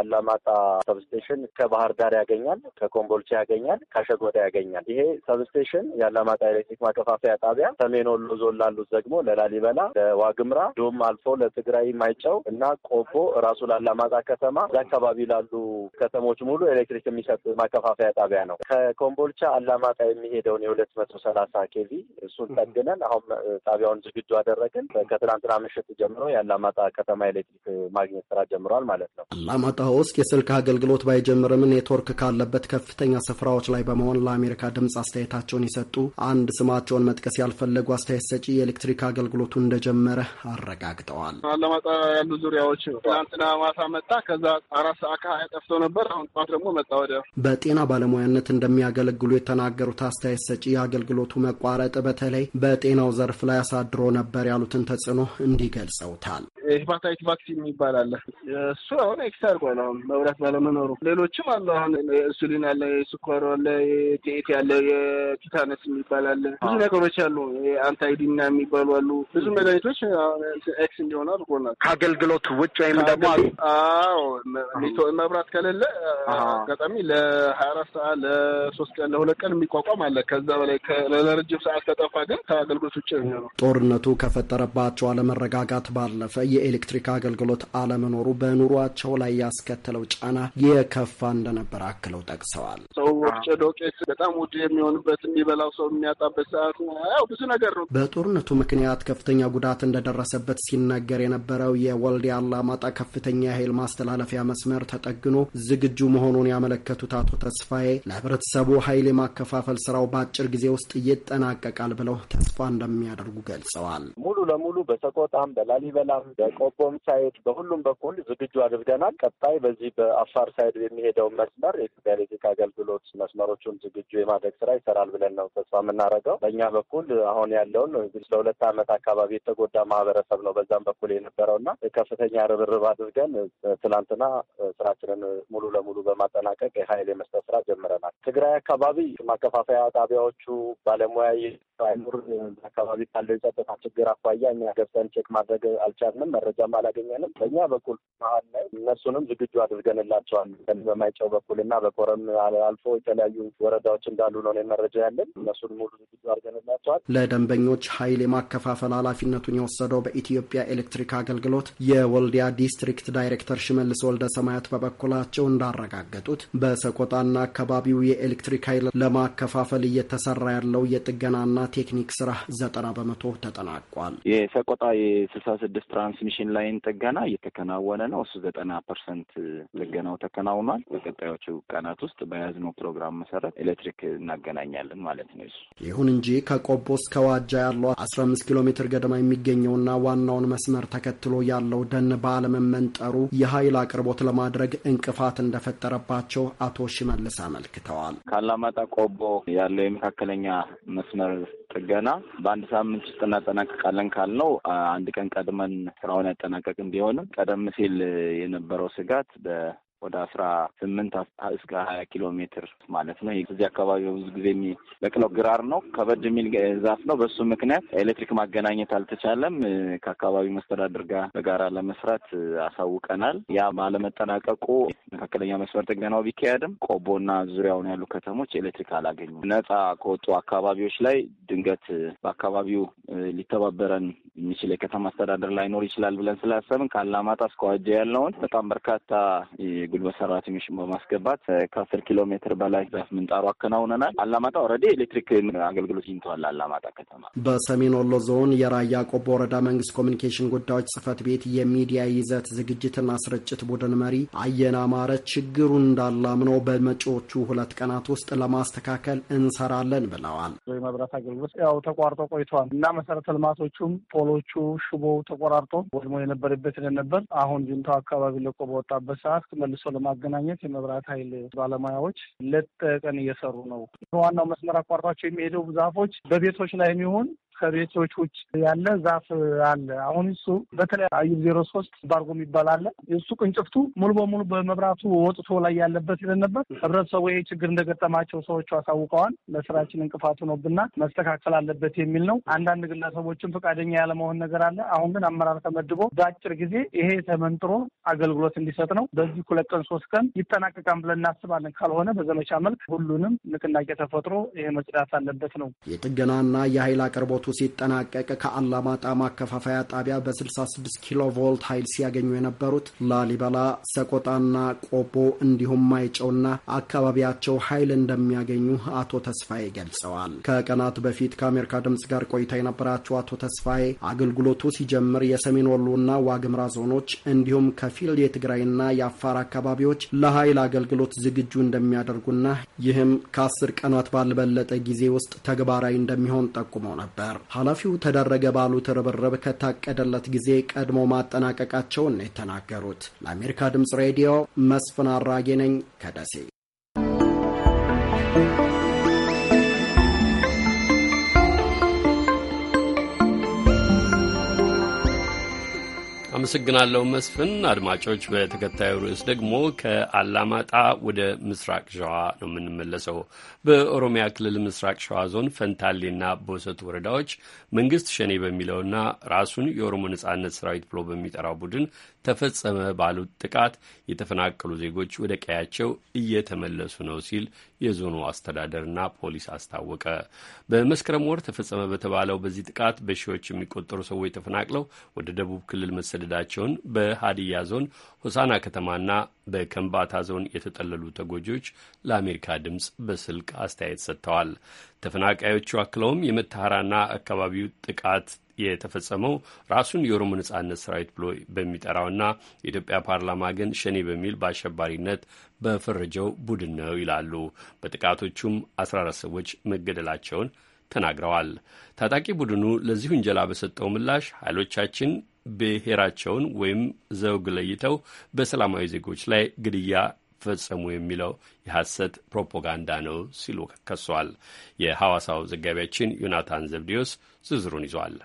አላማጣ ሰብስቴሽን ከባህር ዳር ያገኛል፣ ከኮምቦልቻ ያገኛል፣ ከሸጎዳ ያገኛል። ይሄ ሰብስቴሽን የአላማጣ ኤሌክትሪክ ማከፋፈያ ጣቢያ ሰሜን ወሎ ዞን ላሉት ደግሞ ለላሊበላ፣ ለዋግምራ ዱም አልፎ ለትግራይ ማይጨው እና ቆቦ ራሱ ላላማጣ ከተማ እዛ አካባቢ ላሉ ከተሞች ሙሉ ኤሌክትሪክ የሚሰጥ ማከፋፈያ ጣቢያ ነው። ከኮምቦልቻ አላማጣ የሚሄደውን የሁለት መቶ ሰላሳ ኬቪ እሱን ጠግነን አሁን ጣቢያውን ዝግጁ አደረግን። ከትናንትና ምሽት ጀምሮ የአላማጣ ከተማ ኤሌክትሪክ ማግኘት ስራ ጀምሯል ማለት ነው። አላማጣ ውስጥ የስልክ አገልግሎት ባይጀምርም ኔትወርክ ካለበት ከፍተኛ ስፍራዎች ላይ በመሆን ለአሜሪካ ድምፅ አስተያየታቸውን የሰጡ አንድ ስማቸውን መጥቀስ ያልፈለጉ አስተያየት ሰጪ የኤሌክትሪክ አገልግሎቱ እንደጀመረ አረጋግጠዋል። አለማጣ ያሉ ዙሪያዎች ትናንትና ማታ መጣ። ከዛ አራት ሰዓት ከሀያ ጠፍቶ ነበር። አሁን ጠዋት ደግሞ መጣ። ወደ በጤና ባለሙያነት እንደሚያገለግሉ የተናገሩት አስተያየት ሰጪ የአገልግሎቱ መቋረጥ በተለይ በጤናው ዘርፍ ላይ አሳድሮ ነበር ያሉትን ተጽዕኖ እንዲገልጸውታል ሄፓታይት ቫክሲን የሚባል አለ። እሱ አሁን ኤክስ አድርጓል ተቸግረናል። መብራት ባለመኖሩ ሌሎችም አሉ። አሁን ኢንሱሊን አለ፣ የስኳር አለ፣ የቴት ያለ፣ የቲታነስ የሚባል አለ። ብዙ ነገሮች አሉ። አንታይዲና የሚባሉ አሉ። ብዙ መድኃኒቶች ኤክስ እንዲሆን አድርጎናል። ከአገልግሎት ውጭ ወይም ደግሞ አዎ መብራት ከሌለ አጋጣሚ ለሀያ አራት ሰዓት ለሶስት ቀን ለሁለት ቀን የሚቋቋም አለ። ከዛ በላይ ለረጅም ሰዓት ከጠፋ ግን ከአገልግሎት ውጭ ነው። ጦርነቱ ከፈጠረባቸው አለመረጋጋት ባለፈ የኤሌክትሪክ አገልግሎት አለመኖሩ በኑሯቸው ላይ ያስ ያስከተለው ጫና የከፋ እንደነበር አክለው ጠቅሰዋል። ሰው ወፍጮ ዶቄት በጣም ውድ የሚሆንበት የሚበላው ሰው የሚያጣበት ሰዓት ያው ብዙ ነገር ነው። በጦርነቱ ምክንያት ከፍተኛ ጉዳት እንደደረሰበት ሲነገር የነበረው የወልዲያ አላማጣ ከፍተኛ የኃይል ማስተላለፊያ መስመር ተጠግኖ ዝግጁ መሆኑን ያመለከቱት አቶ ተስፋዬ ለህብረተሰቡ ኃይል የማከፋፈል ስራው በአጭር ጊዜ ውስጥ ይጠናቀቃል ብለው ተስፋ እንደሚያደርጉ ገልጸዋል። ሙሉ ለሙሉ በሰቆጣም በላሊበላም በቆቦም ሳይት በሁሉም በኩል ዝግጁ አድርገናል። ቀጣይ በዚህ በአፋር ሳይድ የሚሄደው መስመር የኢትዮጵያ ኤሌክትሪክ አገልግሎት መስመሮቹን ዝግጁ የማድረግ ስራ ይሰራል ብለን ነው ተስፋ የምናደርገው። በእኛ በኩል አሁን ያለውን ለሁለት ዓመት አካባቢ የተጎዳ ማህበረሰብ ነው በዛም በኩል የነበረውና ከፍተኛ ርብርብ አድርገን ትናንትና ስራችንን ሙሉ ለሙሉ በማጠናቀቅ የሀይል የመስጠት ስራ ጀምረናል። ትግራይ አካባቢ ማከፋፈያ ጣቢያዎቹ ባለሙያ አይኑር አካባቢ ካለው የጸጥታ ችግር አኳያ እኛ ገብተን ቼክ ማድረግ አልቻልንም፣ መረጃም አላገኘንም። በእኛ በኩል መሀል ላይ እነሱንም ዝግ ዝግጁ አድርገንላቸዋል። በማይጨው በኩል እና በኮረም አልፎ የተለያዩ ወረዳዎች እንዳሉ ነው መረጃ ያለን። እነሱን ሙሉ ዝግጁ አድርገንላቸዋል። ለደንበኞች ኃይል የማከፋፈል ኃላፊነቱን የወሰደው በኢትዮጵያ ኤሌክትሪክ አገልግሎት የወልዲያ ዲስትሪክት ዳይሬክተር ሽመልስ ወልደ ሰማያት በበኩላቸው እንዳረጋገጡት በሰቆጣና አካባቢው የኤሌክትሪክ ኃይል ለማከፋፈል እየተሰራ ያለው የጥገናና ቴክኒክ ስራ ዘጠና በመቶ ተጠናቋል። የሰቆጣ የስልሳ ስድስት ትራንስሚሽን ላይን ጥገና እየተከናወነ ነው። እሱ ዘጠና ፐርሰንት ትናንት ልገናው ተከናውኗል። በቀጣዮቹ ቀናት ውስጥ በያዝነው ፕሮግራም መሰረት ኤሌክትሪክ እናገናኛለን ማለት ነው። እሱ ይሁን እንጂ ከቆቦ እስከ ዋጃ ያለው አስራ አምስት ኪሎ ሜትር ገደማ የሚገኘውና ዋናውን መስመር ተከትሎ ያለው ደን ባለመመንጠሩ የኃይል አቅርቦት ለማድረግ እንቅፋት እንደፈጠረባቸው አቶ ሽመልስ አመልክተዋል። ካላማጣ ቆቦ ያለው የመካከለኛ መስመር ጥገና በአንድ ሳምንት ውስጥ እናጠናቀቃለን ካልነው አንድ ቀን ቀድመን ስራውን ያጠናቀቅን ቢሆንም ቀደም ሲል የነበረው ስጋ الشركات ወደ አስራ ስምንት እስከ ሀያ ኪሎ ሜትር ማለት ነው። እዚህ አካባቢ ብዙ ጊዜ የሚበቅለው ግራር ነው፣ ከበድ የሚል ዛፍ ነው። በሱ ምክንያት ኤሌክትሪክ ማገናኘት አልተቻለም። ከአካባቢው መስተዳድር ጋር በጋራ ለመስራት አሳውቀናል። ያ ባለመጠናቀቁ መካከለኛ መስመር ጥገናው ቢካሄድም ቆቦና ዙሪያውን ያሉ ከተሞች ኤሌክትሪክ አላገኙም። ነጻ ከወጡ አካባቢዎች ላይ ድንገት በአካባቢው ሊተባበረን የሚችል የከተማ አስተዳደር ላይኖር ይችላል ብለን ስላሰብን ከአላማጣ እስከ ዋጃ ያለውን በጣም በርካታ የጉልበት ሰራተኞችን በማስገባት ከአስር ኪሎ ሜትር በላይ ዛፍ ምንጣሩ አከናውነናል። አላማጣ ኦልሬዲ ኤሌክትሪክ አገልግሎት ይንተዋል። አላማጣ ከተማ በሰሜን ወሎ ዞን የራያ ቆቦ ወረዳ መንግስት ኮሚኒኬሽን ጉዳዮች ጽህፈት ቤት የሚዲያ ይዘት ዝግጅትና ስርጭት ቡድን መሪ አየና ማረ ችግሩ እንዳላምነው በመጪዎቹ ሁለት ቀናት ውስጥ ለማስተካከል እንሰራለን ብለዋል። የመብራት አገልግሎት ያው ተቋርጦ ቆይተዋል እና መሰረተ ልማቶቹም ፖሎቹ፣ ሽቦ ተቆራርጦ ወድሞ የነበረበት ነበር። አሁን ጁንታው አካባቢ ለቆ በወጣበት ሰዓት መልሶ ለማገናኘት የመብራት ኃይል ባለሙያዎች ለጠቀን እየሰሩ ነው። ዋናው መስመር አቋርጧቸው የሚሄደው ዛፎች በቤቶች ላይ የሚሆን ከቤቶች ውጭ ያለ ዛፍ አለ። አሁን እሱ በተለይ አዩብ ዜሮ ሶስት ባርጎ የሚባል አለ። እሱ ቅንጭፍቱ ሙሉ በሙሉ በመብራቱ ወጥቶ ላይ ያለበት ይለን ነበር። ህብረተሰቡ ይሄ ችግር እንደገጠማቸው ሰዎቹ አሳውቀዋል። ለስራችን እንቅፋቱ ብና መስተካከል አለበት የሚል ነው። አንዳንድ ግለሰቦችን ፈቃደኛ ያለመሆን ነገር አለ። አሁን ግን አመራር ተመድቦ በአጭር ጊዜ ይሄ ተመንጥሮ አገልግሎት እንዲሰጥ ነው። በዚህ ሁለት ቀን ሶስት ቀን ይጠናቀቃል ብለን እናስባለን። ካልሆነ በዘመቻ መልክ ሁሉንም ንቅናቄ ተፈጥሮ ይሄ መጽዳት አለበት ነው። የጥገናና የኃይል አቅርቦቱ ሲጠናቀቅ ከአላማጣ ማከፋፈያ ጣቢያ በ66 ኪሎ ቮልት ኃይል ሲያገኙ የነበሩት ላሊበላ፣ ሰቆጣና ቆቦ እንዲሁም ማይጨውና አካባቢያቸው ኃይል እንደሚያገኙ አቶ ተስፋዬ ገልጸዋል። ከቀናት በፊት ከአሜሪካ ድምፅ ጋር ቆይታ የነበራቸው አቶ ተስፋዬ አገልግሎቱ ሲጀምር የሰሜን ወሎና ዋግምራ ዞኖች እንዲሁም ከፊል የትግራይና የአፋር አካባቢዎች ለኃይል አገልግሎት ዝግጁ እንደሚያደርጉና ይህም ከአስር ቀናት ባልበለጠ ጊዜ ውስጥ ተግባራዊ እንደሚሆን ጠቁመው ነበር። ኃላፊው ተደረገ ባሉት ርብርብ ከታቀደለት ጊዜ ቀድሞ ማጠናቀቃቸውን የተናገሩት። ለአሜሪካ ድምጽ ሬዲዮ መስፍን አራጌ ነኝ ከደሴ። አመሰግናለሁ መስፍን። አድማጮች፣ በተከታዩ ርዕስ ደግሞ ከአላማጣ ወደ ምስራቅ ሸዋ ነው የምንመለሰው። በኦሮሚያ ክልል ምስራቅ ሸዋ ዞን ፈንታሌና ቦሰት ወረዳዎች መንግስት ሸኔ በሚለውና ራሱን የኦሮሞ ነጻነት ሰራዊት ብሎ በሚጠራው ቡድን ተፈጸመ ባሉት ጥቃት የተፈናቀሉ ዜጎች ወደ ቀያቸው እየተመለሱ ነው ሲል የዞኑ አስተዳደርና ፖሊስ አስታወቀ። በመስከረም ወር ተፈጸመ በተባለው በዚህ ጥቃት በሺዎች የሚቆጠሩ ሰዎች ተፈናቅለው ወደ ደቡብ ክልል መሰደዳቸውን በሀዲያ ዞን ሆሳና ከተማና በከምባታ ዞን የተጠለሉ ተጎጂዎች ለአሜሪካ ድምፅ በስልክ አስተያየት ሰጥተዋል። ተፈናቃዮቹ አክለውም የመተሐራና አካባቢው ጥቃት የተፈጸመው ራሱን የኦሮሞ ነጻነት ሰራዊት ብሎ በሚጠራውና የኢትዮጵያ ፓርላማ ግን ሸኔ በሚል በአሸባሪነት በፈረጀው ቡድን ነው ይላሉ። በጥቃቶቹም 14 ሰዎች መገደላቸውን ተናግረዋል። ታጣቂ ቡድኑ ለዚህ ውንጀላ በሰጠው ምላሽ ኃይሎቻችን ብሔራቸውን ወይም ዘውግ ለይተው በሰላማዊ ዜጎች ላይ ግድያ ፈጸሙ የሚለው የሐሰት ፕሮፓጋንዳ ነው ሲሉ ከሷል። የሐዋሳው ዘጋቢያችን ዮናታን ዘብዲዮስ ዝርዝሩን ይዟል።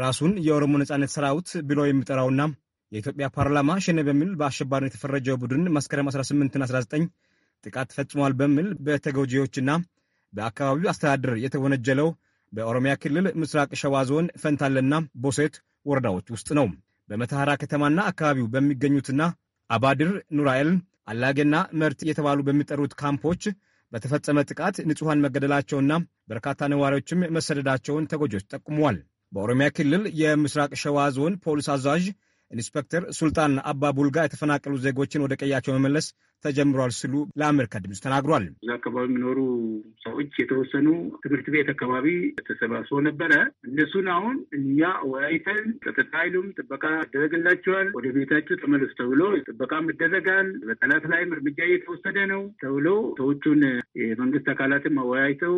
ራሱን የኦሮሞ ነጻነት ሰራዊት ብሎ የሚጠራውና የኢትዮጵያ ፓርላማ ሸኔ በሚል በአሸባሪ የተፈረጀው ቡድን መስከረም 18 19 ጥቃት ፈጽሟል በሚል በተጎጂዎችና በአካባቢው አስተዳደር የተወነጀለው በኦሮሚያ ክልል ምስራቅ ሸዋ ዞን ፈንታለና ቦሴት ወረዳዎች ውስጥ ነው። በመተሐራ ከተማና አካባቢው በሚገኙትና አባድር፣ ኑራኤል፣ አላጌና መርት የተባሉ በሚጠሩት ካምፖች በተፈጸመ ጥቃት ንጹሐን መገደላቸውና በርካታ ነዋሪዎችም መሰደዳቸውን ተጎጂዎች ጠቁመዋል። በኦሮሚያ ክልል የምስራቅ ሸዋ ዞን ፖሊስ አዛዥ ኢንስፔክተር ሱልጣን አባ ቡልጋ የተፈናቀሉ ዜጎችን ወደ ቀያቸው መመለስ ተጀምሯል ሲሉ ለአሜሪካ ድምፅ ተናግሯል። እዛ አካባቢ የሚኖሩ ሰዎች የተወሰኑ ትምህርት ቤት አካባቢ ተሰባስቦ ነበረ። እነሱን አሁን እኛ ወያይተን ጸጥታ ኃይሉም ጥበቃ ይደረግላቸዋል፣ ወደ ቤታችሁ ተመለሱ ተብሎ ጥበቃም ይደረጋል፣ በጠላት ላይም እርምጃ እየተወሰደ ነው ተብሎ ሰዎቹን የመንግስት አካላትም አወያይተው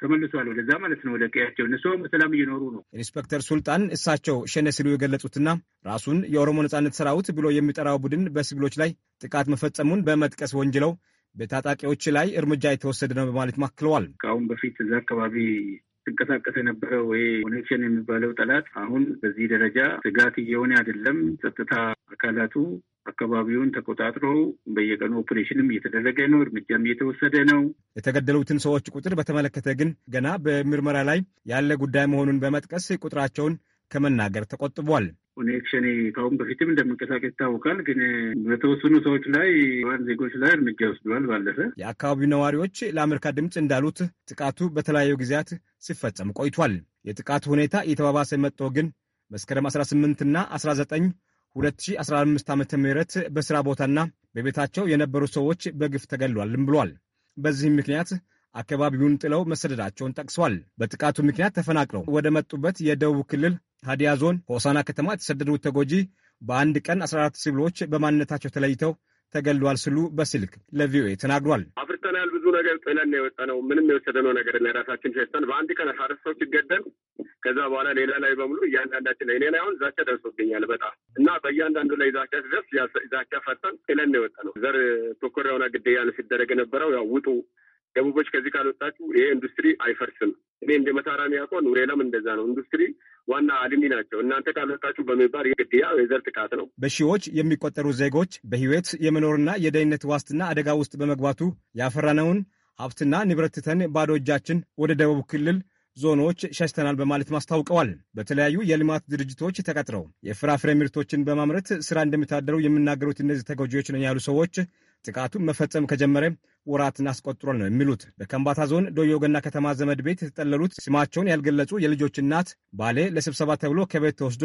ተመልሷል ወደዛ ማለት ነው፣ ወደ ቀያቸው። እነሱ በሰላም እየኖሩ ነው። ኢንስፔክተር ሱልጣን እሳቸው ሸነ ሲሉ የገለጹትና ራሱን የኦሮሞ ነጻነት ሰራዊት ብሎ የሚጠራው ቡድን በሲቪሎች ላይ ጥቃት መፈጸሙን በመጥቀስ ወንጅለው በታጣቂዎች ላይ እርምጃ የተወሰደ ነው በማለት ማክለዋል። ከአሁን በፊት እዛ አካባቢ ትንቀሳቀስ የነበረው ይሄ ኮኔክሽን የሚባለው ጠላት አሁን በዚህ ደረጃ ስጋት እየሆነ አይደለም። ጸጥታ አካላቱ አካባቢውን ተቆጣጥሮ በየቀኑ ኦፕሬሽንም እየተደረገ ነው፣ እርምጃም እየተወሰደ ነው። የተገደሉትን ሰዎች ቁጥር በተመለከተ ግን ገና በምርመራ ላይ ያለ ጉዳይ መሆኑን በመጥቀስ ቁጥራቸውን ከመናገር ተቆጥቧል። ኮኔክሽን ከአሁን በፊትም እንደምንቀሳቀስ ይታወቃል። ግን በተወሰኑ ሰዎች ላይ ዋን ዜጎች ላይ እርምጃ ወስዷል። ባለፈ የአካባቢው ነዋሪዎች ለአሜሪካ ድምፅ እንዳሉት ጥቃቱ በተለያዩ ጊዜያት ሲፈጸም ቆይቷል። የጥቃቱ ሁኔታ እየተባባሰ መጥቶ ግን መስከረም 18ና 19 2015 ዓ ም በስራ ቦታና በቤታቸው የነበሩ ሰዎች በግፍ ተገሏልም ብሏል። በዚህም ምክንያት አካባቢውን ጥለው መሰደዳቸውን ጠቅሰዋል። በጥቃቱ ምክንያት ተፈናቅለው ወደ መጡበት የደቡብ ክልል ሀዲያ ዞን ሆሳና ከተማ የተሰደዱት ተጎጂ በአንድ ቀን 14 ሲቪሎች በማንነታቸው ተለይተው ተገሏል ስሉ በስልክ ለቪኦኤ ተናግሯል። አፍርተናል። ብዙ ነገር ጥለን የወጣ ነው። ምንም የወሰደነው ነገር ለራሳችን ሸሽተን በአንድ ቀን አስራ ሰው ሲገደል ከዛ በኋላ ሌላ ላይ በሙሉ እያንዳንዳችን ላይ እኔን አሁን ዛቻ ደርሶብኛል በጣም እና በእያንዳንዱ ላይ ዛቻ ሲደርስ ዛቻ ፈጠን ጥለን የወጣ ነው። ዘር ተኮር የሆነ ግድያ ሲደረግ የነበረው ያው ውጡ ደቡቦች ከዚህ ካልወጣችሁ ይሄ ኢንዱስትሪ አይፈርስም። እኔ እንደ መታራሚ ያቆን ኑሬላም እንደዛ ነው። ኢንዱስትሪ ዋና አልሚ ናቸው። እናንተ ካልወጣችሁ በሚባል የግድያ የዘር ጥቃት ነው። በሺዎች የሚቆጠሩ ዜጎች በህይወት የመኖርና የደህንነት ዋስትና አደጋ ውስጥ በመግባቱ ያፈራነውን ሀብትና ንብረት ትተን ባዶ እጃችን ወደ ደቡብ ክልል ዞኖች ሸሽተናል በማለት ማስታውቀዋል። በተለያዩ የልማት ድርጅቶች ተቀጥረው የፍራፍሬ ምርቶችን በማምረት ስራ እንደሚታደሩ የሚናገሩት እነዚህ ተጎጂዎች ነን ያሉ ሰዎች ጥቃቱን መፈጸም ከጀመረ ወራትን አስቆጥሯል ነው የሚሉት። በከምባታ ዞን ዶዮገና ገና ከተማ ዘመድ ቤት የተጠለሉት ስማቸውን ያልገለጹ የልጆች እናት ባሌ ለስብሰባ ተብሎ ከቤት ተወስዶ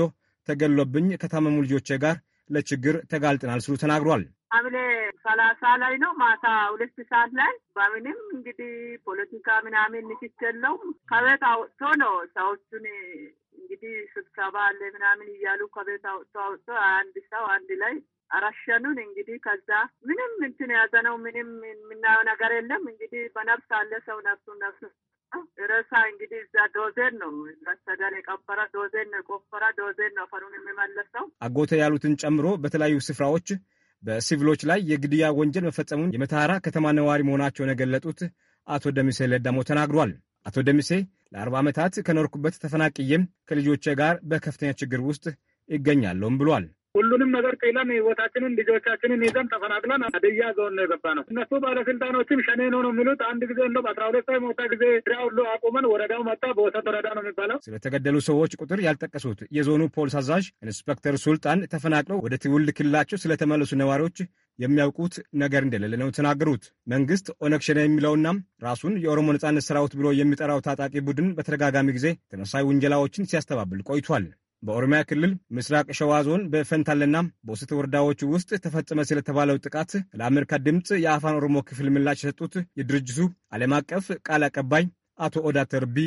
ተገሎብኝ ከታመሙ ልጆቼ ጋር ለችግር ተጋልጥናል ስሉ ተናግሯል። ሐምሌ ሰላሳ ላይ ነው ማታ ሁለት ሰዓት ላይ በምንም እንግዲህ ፖለቲካ ምናምን ንክች የለውም ከቤት አውጥቶ ነው ሰዎቹን እንግዲህ ስብሰባ አለ ምናምን እያሉ ከቤት አውጥቶ አውጥቶ አንድ ሰው አንድ ላይ አራሸኑን። እንግዲህ ከዛ ምንም እንትን የያዘ ነው ምንም የምናየው ነገር የለም። እንግዲህ በነፍስ አለ ሰው ነፍሱ ነፍሱ ረሳ እንግዲህ እዛ ዶዜን ነው መሰገር የቀበረ ዶዜን ነው የቆፈረ ዶዜን ነው ፈኑን የሚመለሰው። አጎተ ያሉትን ጨምሮ በተለያዩ ስፍራዎች በሲቪሎች ላይ የግድያ ወንጀል መፈጸሙን የመተሐራ ከተማ ነዋሪ መሆናቸውን የገለጡት አቶ ደሚሴ ለዳሞ ተናግሯል። አቶ ደሚሴ ለአርባ ዓመታት ከኖርኩበት ተፈናቅዬም ከልጆቼ ጋር በከፍተኛ ችግር ውስጥ ይገኛለሁም ብሏል። ሁሉንም ነገር ጥለን ህይወታችንን ልጆቻችንን ይዘን ተፈናቅለን አደያ ዞን ነው የገባ ነው። እነሱ ባለስልጣኖችም ሸኔ ነው ነው የሚሉት። አንድ ጊዜ እንደ በአስራ ሁለት ሰው የሞታ ጊዜ ስራ ሁሉ አቁመን ወረዳው መጣ። በወሰት ወረዳ ነው የሚባለው። ስለተገደሉ ሰዎች ቁጥር ያልጠቀሱት የዞኑ ፖሊስ አዛዥ ኢንስፔክተር ሱልጣን ተፈናቅለው ወደ ትውልድ ክልላቸው ስለተመለሱ ነዋሪዎች የሚያውቁት ነገር እንደሌለ ነው የተናገሩት። መንግስት ኦነግ ሸኔ የሚለውና ራሱን የኦሮሞ ነጻነት ሰራዊት ብሎ የሚጠራው ታጣቂ ቡድን በተደጋጋሚ ጊዜ ተመሳሳይ ውንጀላዎችን ሲያስተባብል ቆይቷል። በኦሮሚያ ክልል ምስራቅ ሸዋ ዞን በፈንታለና በውስጥ ወረዳዎች ውስጥ ተፈጸመ ስለተባለው ጥቃት ለአሜሪካ ድምፅ የአፋን ኦሮሞ ክፍል ምላሽ የሰጡት የድርጅቱ ዓለም አቀፍ ቃል አቀባይ አቶ ኦዳ ተርቢ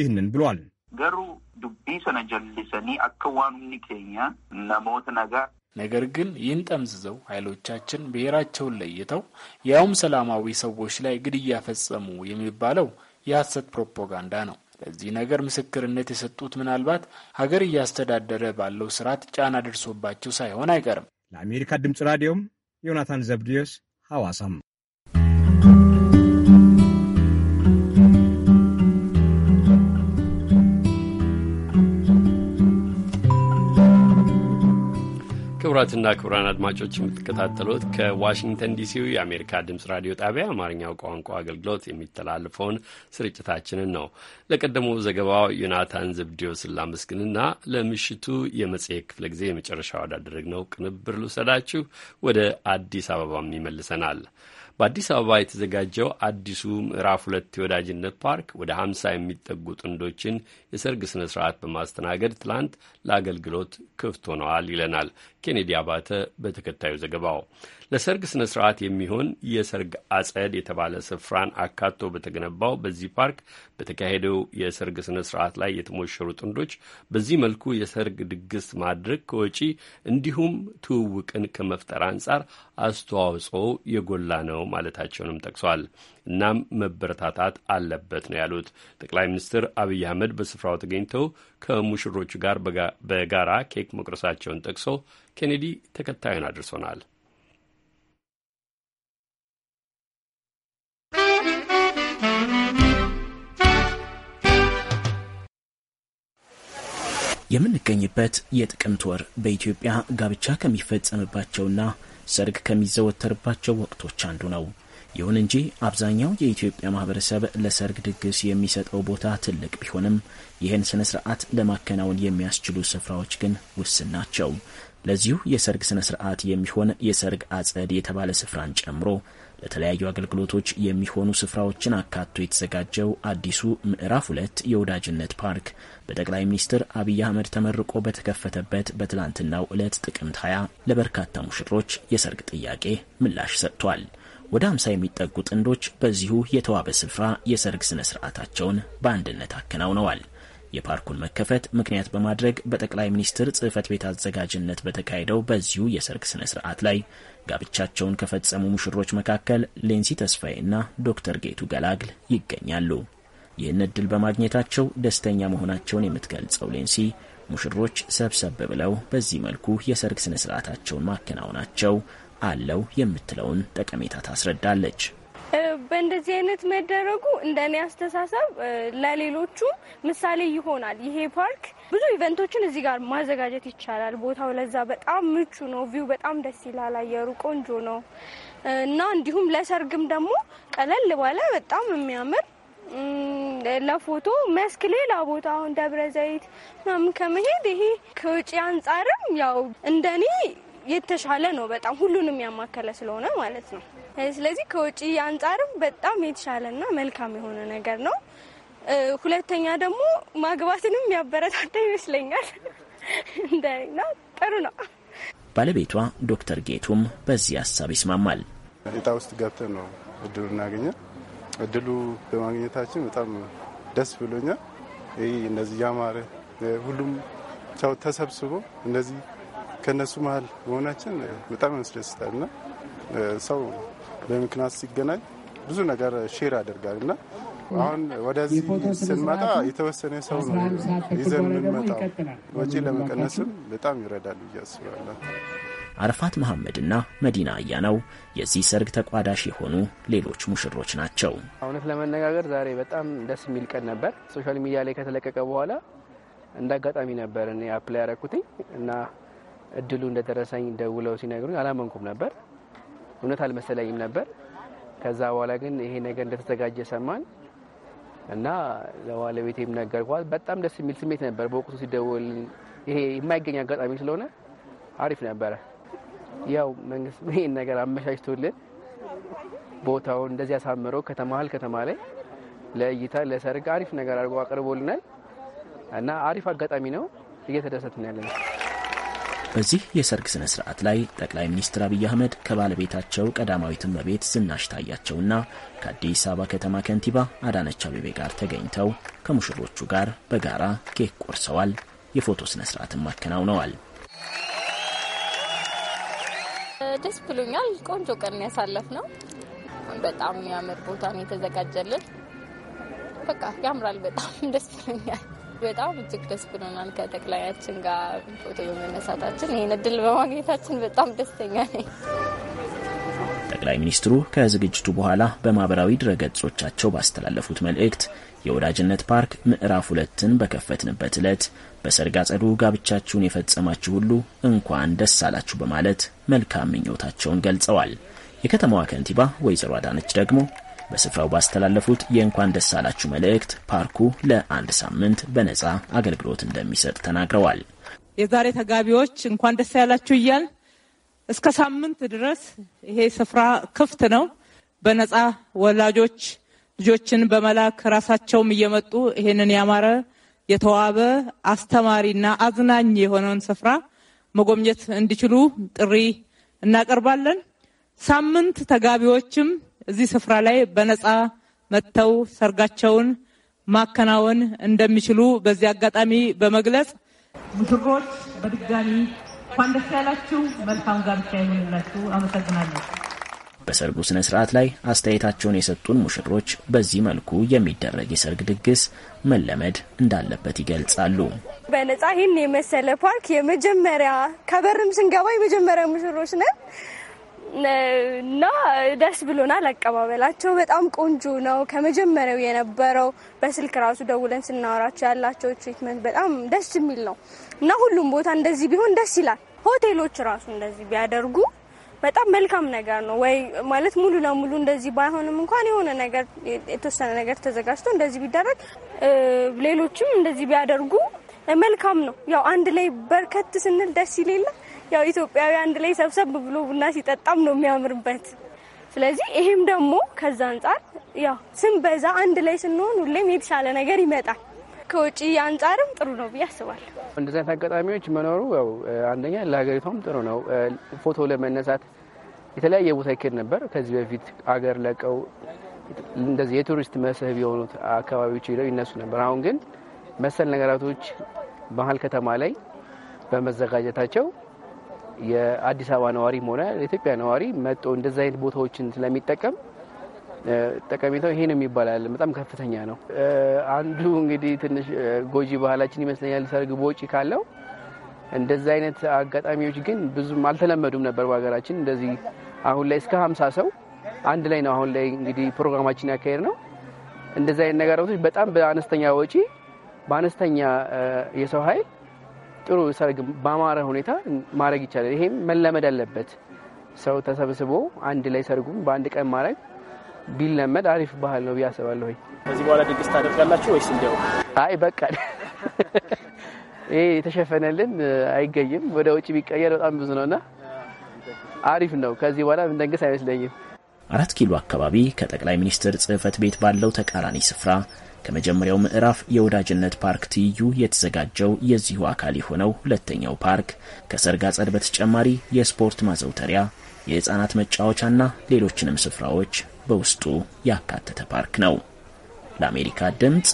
ይህንን ብሏል። ገሩ ዱቢ ሰነ ጀልሰኒ አከዋኑኒ ኬኛ ነሞት ነጋ ነገር ግን ይህን ጠምዝዘው ኃይሎቻችን ብሔራቸውን ለይተው ያውም ሰላማዊ ሰዎች ላይ ግድያ ፈጸሙ የሚባለው የሐሰት ፕሮፓጋንዳ ነው። ለዚህ ነገር ምስክርነት የሰጡት ምናልባት ሀገር እያስተዳደረ ባለው ስርዓት ጫና ደርሶባቸው ሳይሆን አይቀርም። ለአሜሪካ ድምፅ ራዲዮም ዮናታን ዘብዲዮስ ሐዋሳም ክቡራትና ክቡራን አድማጮች የምትከታተሉት ከዋሽንግተን ዲሲው የአሜሪካ ድምፅ ራዲዮ ጣቢያ አማርኛው ቋንቋ አገልግሎት የሚተላልፈውን ስርጭታችንን ነው። ለቀደሞ ዘገባው ዮናታን ዘብዴዎስን ላመስግንና ለምሽቱ የመጽሔት ክፍለ ጊዜ የመጨረሻ ወዳደረግነው ቅንብር ልውሰዳችሁ። ወደ አዲስ አበባም ይመልሰናል። በአዲስ አበባ የተዘጋጀው አዲሱ ምዕራፍ ሁለት የወዳጅነት ፓርክ ወደ ሀምሳ የሚጠጉ ጥንዶችን የሰርግ ስነ ስርዓት በማስተናገድ ትላንት ለአገልግሎት ክፍት ሆነዋል ይለናል ኬኔዲ አባተ በተከታዩ ዘገባው። ለሰርግ ስነ ስርዓት የሚሆን የሰርግ አጸድ የተባለ ስፍራን አካቶ በተገነባው በዚህ ፓርክ በተካሄደው የሰርግ ስነ ስርዓት ላይ የተሞሸሩ ጥንዶች በዚህ መልኩ የሰርግ ድግስ ማድረግ ከወጪ እንዲሁም ትውውቅን ከመፍጠር አንጻር አስተዋጽኦ የጎላ ነው ማለታቸውንም ጠቅሷል። እናም መበረታታት አለበት ነው ያሉት ጠቅላይ ሚኒስትር አብይ አህመድ በስፍራው ተገኝተው ከሙሽሮቹ ጋር በጋራ ኬክ መቁረሳቸውን ጠቅሶ ኬኔዲ ተከታዩን አድርሶናል። የምንገኝበት የጥቅምት ወር በኢትዮጵያ ጋብቻ ከሚፈጸምባቸውና ሰርግ ከሚዘወተርባቸው ወቅቶች አንዱ ነው። ይሁን እንጂ አብዛኛው የኢትዮጵያ ማህበረሰብ ለሰርግ ድግስ የሚሰጠው ቦታ ትልቅ ቢሆንም ይህን ስነ ስርዓት ለማከናወን የሚያስችሉ ስፍራዎች ግን ውስን ናቸው። ለዚሁ የሰርግ ስነ ስርዓት የሚሆን የሰርግ አጸድ የተባለ ስፍራን ጨምሮ ለተለያዩ አገልግሎቶች የሚሆኑ ስፍራዎችን አካቶ የተዘጋጀው አዲሱ ምዕራፍ ሁለት የወዳጅነት ፓርክ በጠቅላይ ሚኒስትር አብይ አህመድ ተመርቆ በተከፈተበት በትላንትናው ዕለት ጥቅምት 20 ለበርካታ ሙሽሮች የሰርግ ጥያቄ ምላሽ ሰጥቷል። ወደ አምሳ የሚጠጉ ጥንዶች በዚሁ የተዋበ ስፍራ የሰርግ ስነ ስርዓታቸውን በአንድነት አከናውነዋል። የፓርኩን መከፈት ምክንያት በማድረግ በጠቅላይ ሚኒስትር ጽህፈት ቤት አዘጋጅነት በተካሄደው በዚሁ የሰርግ ስነ ስርዓት ላይ ጋብቻቸውን ከፈጸሙ ሙሽሮች መካከል ሌንሲ ተስፋዬና ዶክተር ጌቱ ገላግል ይገኛሉ። ይህን እድል በማግኘታቸው ደስተኛ መሆናቸውን የምትገልጸው ሌንሲ ሙሽሮች ሰብሰብ ብለው በዚህ መልኩ የሰርግ ስነ ስርዓታቸውን ማከናወናቸው አለው የምትለውን ጠቀሜታ ታስረዳለች። በእንደዚህ አይነት መደረጉ እንደኔ አስተሳሰብ ለሌሎቹም ምሳሌ ይሆናል። ይሄ ፓርክ ብዙ ኢቨንቶችን እዚህ ጋር ማዘጋጀት ይቻላል። ቦታው ለዛ በጣም ምቹ ነው። ቪው በጣም ደስ ይላል። አየሩ ቆንጆ ነው እና እንዲሁም ለሰርግም ደግሞ ቀለል ባለ በጣም የሚያምር ለፎቶ መስክ ሌላ ቦታ አሁን ደብረ ዘይት ምናምን ከመሄድ ይሄ ከውጭ አንጻርም ያው እንደኔ የተሻለ ነው። በጣም ሁሉንም ያማከለ ስለሆነ ማለት ነው። ስለዚህ ከውጭ አንጻርም በጣም የተሻለና መልካም የሆነ ነገር ነው። ሁለተኛ ደግሞ ማግባትንም ያበረታታ ይመስለኛል። *laughs* እንደና ጥሩ ነው። ባለቤቷ ዶክተር ጌቱም በዚህ ሀሳብ ይስማማል። እጣ ውስጥ ገብተን ነው እድሉ እናገኘ እድሉ በማግኘታችን በጣም ደስ ብሎኛል። ይህ እነዚህ ያማረ ሁሉም ቻው ተሰብስቦ እነዚህ ከእነሱ መሀል መሆናችን በጣም ያስደስታል እና ሰው በምክንያት ሲገናኝ ብዙ ነገር ሼር ያደርጋል እና አሁን ወደዚህ ስንመጣ የተወሰነ ሰው ነው ይዘን የምንመጣው። ወጪ ለመቀነስም በጣም ይረዳል ብዬ አስባለሁ። አረፋት መሐመድና መዲና አያናው የዚህ ሰርግ ተቋዳሽ የሆኑ ሌሎች ሙሽሮች ናቸው። እውነት ለመነጋገር ዛሬ በጣም ደስ የሚል ቀን ነበር። ሶሻል ሚዲያ ላይ ከተለቀቀ በኋላ እንደ አጋጣሚ ነበር እኔ አፕላይ ያረኩትኝ እና እድሉ እንደደረሰኝ ደውለው ሲነግሩኝ አላመንኩም ነበር። እውነት አልመሰለኝም ነበር። ከዛ በኋላ ግን ይሄ ነገር እንደተዘጋጀ ሰማን። እና ለባለቤቴም ነገርኳት። በጣም ደስ የሚል ስሜት ነበር በወቅቱ ሲደውል። ይሄ የማይገኝ አጋጣሚ ስለሆነ አሪፍ ነበረ። ያው መንግስት *laughs* ይሄን ነገር አመቻችቶልን ቦታውን እንደዚህ ያሳምረው ከተማል ከተማ ላይ ለእይታ ለሰርግ አሪፍ ነገር አድርጎ አቅርቦልናል እና አሪፍ አጋጣሚ ነው። እየተደሰትን ያለነው በዚህ የሰርግ ስነ ስርዓት ላይ ጠቅላይ ሚኒስትር አብይ አህመድ ከባለቤታቸው ቀዳማዊት እመቤት ዝናሽ ታያቸውና ከአዲስ አበባ ከተማ ከንቲባ አዳነች አቤቤ ጋር ተገኝተው ከሙሽሮቹ ጋር በጋራ ኬክ ቆርሰዋል። የፎቶ ስነ ስርዓትም አከናውነዋል። ደስ ብሎኛል። ቆንጆ ቀን ያሳለፍ ነው። በጣም የሚያምር ቦታ ነው የተዘጋጀልን። በቃ ያምራል። በጣም ደስ ብሎኛል። በጣም እጅግ ደስ ብሎናል። ከጠቅላያችን ጋር ፎቶ በመነሳታችን ይህን እድል በማግኘታችን በጣም ደስተኛ ነኝ። ጠቅላይ ሚኒስትሩ ከዝግጅቱ በኋላ በማህበራዊ ድረገጾቻቸው ባስተላለፉት መልእክት የወዳጅነት ፓርክ ምዕራፍ ሁለትን በከፈትንበት ዕለት በሰርግ አጸዱ ጋብቻችሁን የፈጸማችሁ ሁሉ እንኳን ደስ አላችሁ በማለት መልካም ምኞታቸውን ገልጸዋል። የከተማዋ ከንቲባ ወይዘሮ አዳነች ደግሞ በስፍራው ባስተላለፉት የእንኳን ደስ አላችሁ መልእክት ፓርኩ ለአንድ ሳምንት በነጻ አገልግሎት እንደሚሰጥ ተናግረዋል። የዛሬ ተጋቢዎች እንኳን ደስ ያላችሁ እያል እስከ ሳምንት ድረስ ይሄ ስፍራ ክፍት ነው። በነጻ ወላጆች ልጆችን በመላክ ራሳቸውም እየመጡ ይሄንን ያማረ የተዋበ አስተማሪና አዝናኝ የሆነውን ስፍራ መጎብኘት እንዲችሉ ጥሪ እናቀርባለን። ሳምንት ተጋቢዎችም እዚህ ስፍራ ላይ በነፃ መጥተው ሰርጋቸውን ማከናወን እንደሚችሉ በዚህ አጋጣሚ በመግለጽ ሙሽሮች በድጋሚ እንኳን ደስ ያላችሁ፣ መልካም ጋብቻ ይሁንላችሁ። አመሰግናለሁ። በሰርጉ ስነ ስርዓት ላይ አስተያየታቸውን የሰጡን ሙሽሮች በዚህ መልኩ የሚደረግ የሰርግ ድግስ መለመድ እንዳለበት ይገልጻሉ። በነጻ ይህን የመሰለ ፓርክ የመጀመሪያ ከበርም ስንገባ የመጀመሪያ ሙሽሮች ነን። እና ደስ ብሎናል። አቀባበላቸው በጣም ቆንጆ ነው። ከመጀመሪያው የነበረው በስልክ ራሱ ደውለን ስናወራቸው ያላቸው ትሪትመንት በጣም ደስ የሚል ነው እና ሁሉም ቦታ እንደዚህ ቢሆን ደስ ይላል። ሆቴሎች ራሱ እንደዚህ ቢያደርጉ በጣም መልካም ነገር ነው። ወይ ማለት ሙሉ ለሙሉ እንደዚህ ባይሆንም እንኳን የሆነ ነገር የተወሰነ ነገር ተዘጋጅቶ እንደዚህ ቢደረግ ሌሎችም እንደዚህ ቢያደርጉ መልካም ነው። ያው አንድ ላይ በርከት ስንል ደስ ይሌለን ያው ኢትዮጵያዊ አንድ ላይ ሰብሰብ ብሎ ቡና ሲጠጣም ነው የሚያምርበት። ስለዚህ ይሄም ደግሞ ከዛ አንጻር ያው ስንበዛ አንድ ላይ ስንሆን ሁሌም የተሻለ ነገር ይመጣል። ከውጭ አንጻርም ጥሩ ነው ብዬ አስባለሁ። እንደዚህ አይነት አጋጣሚዎች መኖሩ ያው አንደኛ ለሀገሪቷም ጥሩ ነው። ፎቶ ለመነሳት የተለያየ ቦታ ይኬድ ነበር። ከዚህ በፊት አገር ለቀው እንደዚህ የቱሪስት መስህብ የሆኑት አካባቢዎች ሄደው ይነሱ ነበር። አሁን ግን መሰል ነገራቶች መሀል ከተማ ላይ በመዘጋጀታቸው የአዲስ አበባ ነዋሪም ሆነ የኢትዮጵያ ነዋሪ መጦ እንደዚ አይነት ቦታዎችን ስለሚጠቀም ጠቀሜታው ይሄ ነው የሚባላል በጣም ከፍተኛ ነው። አንዱ እንግዲህ ትንሽ ጎጂ ባህላችን ይመስለኛል ሰርግ በውጪ ካለው እንደዚ አይነት አጋጣሚዎች ግን ብዙም አልተለመዱም ነበር በሀገራችን። እንደዚህ አሁን ላይ እስከ ሀምሳ ሰው አንድ ላይ ነው አሁን ላይ እንግዲህ ፕሮግራማችን ያካሄድ ነው። እንደዚህ አይነት ነገራቶች በጣም በአነስተኛ ወጪ በአነስተኛ የሰው ኃይል ጥሩ ሰርግ በአማረ ሁኔታ ማድረግ ይቻላል። ይሄም መለመድ አለበት። ሰው ተሰብስቦ አንድ ላይ ሰርጉም በአንድ ቀን ማድረግ ቢለመድ አሪፍ ባህል ነው ብዬ አስባለሁ። ከዚህ በኋላ ድግስ ታደርጋላችሁ ወይስ እንዲያው አይ በቃ *laughs* ይሄ የተሸፈነልን አይገኝም፣ ወደ ውጭ ቢቀየር በጣም ብዙ ነውና አሪፍ ነው። ከዚህ በኋላ ምንደንግስ አይመስለኝም። አራት ኪሎ አካባቢ ከጠቅላይ ሚኒስትር ጽህፈት ቤት ባለው ተቃራኒ ስፍራ ከመጀመሪያው ምዕራፍ የወዳጅነት ፓርክ ትይዩ የተዘጋጀው የዚሁ አካል የሆነው ሁለተኛው ፓርክ ከሰርግ አጸድ በተጨማሪ የስፖርት ማዘውተሪያ፣ የሕፃናት መጫወቻና ሌሎችንም ስፍራዎች በውስጡ ያካተተ ፓርክ ነው። ለአሜሪካ ድምፅ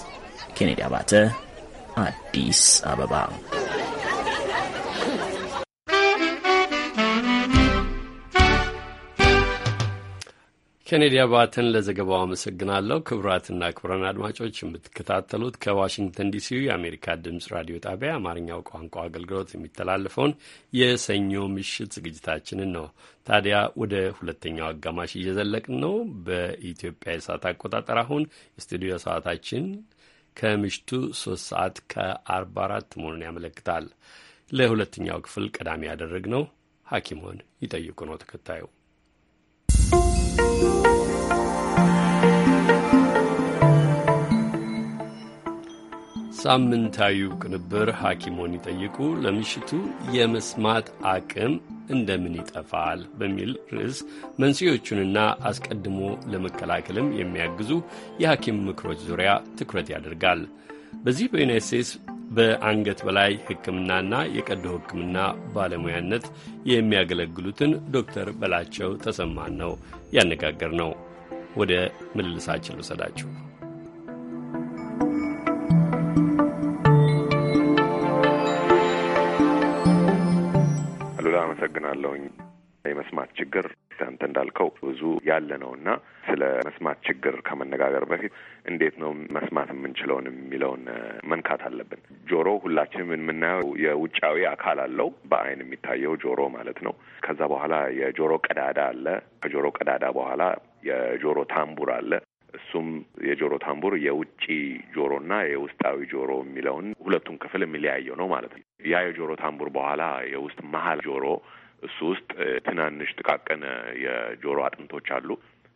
ኬኔዲ አባተ አዲስ አበባ ኬኔዲ አባተን ለዘገባው አመሰግናለሁ። ክቡራትና ክቡራን አድማጮች የምትከታተሉት ከዋሽንግተን ዲሲ የአሜሪካ ድምፅ ራዲዮ ጣቢያ አማርኛው ቋንቋ አገልግሎት የሚተላለፈውን የሰኞ ምሽት ዝግጅታችንን ነው። ታዲያ ወደ ሁለተኛው አጋማሽ እየዘለቅን ነው። በኢትዮጵያ የሰዓት አቆጣጠር አሁን የስቱዲዮ ሰዓታችን ከምሽቱ ሶስት ሰዓት ከአርባ አራት መሆኑን ያመለክታል። ለሁለተኛው ክፍል ቀዳሚ ያደረግነው ሐኪሞን ይጠይቁ ነው ተከታዩ ሳምንታዊ ቅንብር ሐኪሞን ይጠይቁ ለምሽቱ የመስማት አቅም እንደምን ይጠፋል በሚል ርዕስ መንስኤዎቹንና አስቀድሞ ለመከላከልም የሚያግዙ የሐኪም ምክሮች ዙሪያ ትኩረት ያደርጋል። በዚህ በዩናይት ስቴትስ በአንገት በላይ ሕክምናና የቀዶ ሕክምና ባለሙያነት የሚያገለግሉትን ዶክተር በላቸው ተሰማን ነው ያነጋገር ነው። ወደ ምልልሳችን ልውሰዳችሁ። አሉላ አመሰግናለሁኝ። የመስማት ችግር አንተ እንዳልከው ብዙ ያለ ነው እና ስለ መስማት ችግር ከመነጋገር በፊት እንዴት ነው መስማት የምንችለውን የሚለውን መንካት አለብን። ጆሮ ሁላችንም የምናየው የውጫዊ አካል አለው፣ በአይን የሚታየው ጆሮ ማለት ነው። ከዛ በኋላ የጆሮ ቀዳዳ አለ። ከጆሮ ቀዳዳ በኋላ የጆሮ ታምቡር አለ። እሱም የጆሮ ታምቡር የውጪ ጆሮና የውስጣዊ ጆሮ የሚለውን ሁለቱን ክፍል የሚለያየው ነው ማለት ነው። ያ የጆሮ ታምቡር በኋላ የውስጥ መሀል ጆሮ እሱ ውስጥ ትናንሽ ጥቃቅን የጆሮ አጥንቶች አሉ።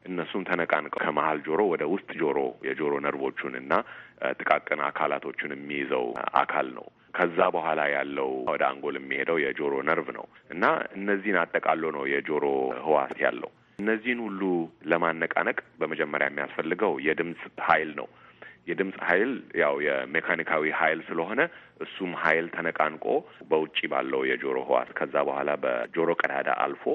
እነሱም ተነቃንቀው ከመሀል ጆሮ ወደ ውስጥ ጆሮ የጆሮ ነርቮቹን እና ጥቃቅን አካላቶቹን የሚይዘው አካል ነው። ከዛ በኋላ ያለው ወደ አንጎል የሚሄደው የጆሮ ነርቭ ነው እና እነዚህን አጠቃሎ ነው የጆሮ ህዋስ ያለው። እነዚህን ሁሉ ለማነቃነቅ በመጀመሪያ የሚያስፈልገው የድምፅ ኃይል ነው። የድምፅ ኃይል ያው የሜካኒካዊ ኃይል ስለሆነ እሱም ኃይል ተነቃንቆ በውጭ ባለው የጆሮ ህዋስ ከዛ በኋላ በጆሮ ቀዳዳ አልፎ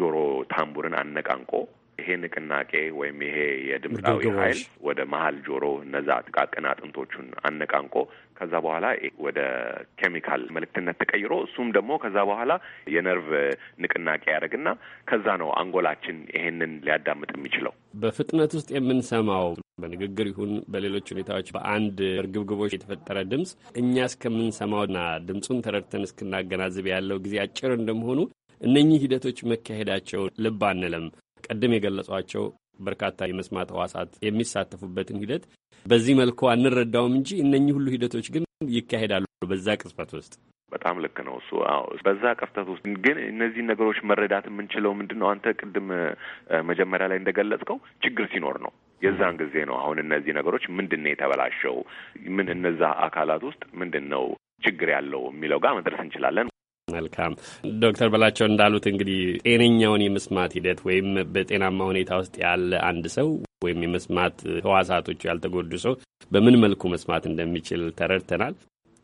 ጆሮ ታምቡርን አነቃንቆ ይሄ ንቅናቄ ወይም ይሄ የድምፃዊ ኃይል ወደ መሀል ጆሮ እነዛ ጥቃቅን አጥንቶቹን አነቃንቆ ከዛ በኋላ ወደ ኬሚካል መልእክትነት ተቀይሮ እሱም ደግሞ ከዛ በኋላ የነርቭ ንቅናቄ ያደርግና ከዛ ነው አንጎላችን ይሄንን ሊያዳምጥ የሚችለው። በፍጥነት ውስጥ የምንሰማው በንግግር ይሁን በሌሎች ሁኔታዎች በአንድ እርግብግቦች የተፈጠረ ድምፅ እኛ እስከምንሰማውና ድምፁን ተረድተን እስክናገናዝብ ያለው ጊዜ አጭር እንደመሆኑ እነኚህ ሂደቶች መካሄዳቸውን ልብ አንለም። ቅድም የገለጿቸው በርካታ የመስማት ህዋሳት የሚሳተፉበትን ሂደት በዚህ መልኩ አንረዳውም እንጂ እነኚህ ሁሉ ሂደቶች ግን ይካሄዳሉ በዛ ቅጽበት ውስጥ። በጣም ልክ ነው እሱ። አዎ በዛ ቀፍተት ውስጥ ግን እነዚህ ነገሮች መረዳት የምንችለው ምንድን ነው? አንተ ቅድም መጀመሪያ ላይ እንደገለጽከው ችግር ሲኖር ነው። የዛን ጊዜ ነው አሁን እነዚህ ነገሮች ምንድን ነው የተበላሸው፣ ምን እነዛ አካላት ውስጥ ምንድን ነው ችግር ያለው የሚለው ጋር መድረስ እንችላለን። መልካም ዶክተር በላቸው እንዳሉት እንግዲህ ጤነኛውን የመስማት ሂደት ወይም በጤናማ ሁኔታ ውስጥ ያለ አንድ ሰው ወይም የመስማት ህዋሳቶቹ ያልተጎዱ ሰው በምን መልኩ መስማት እንደሚችል ተረድተናል።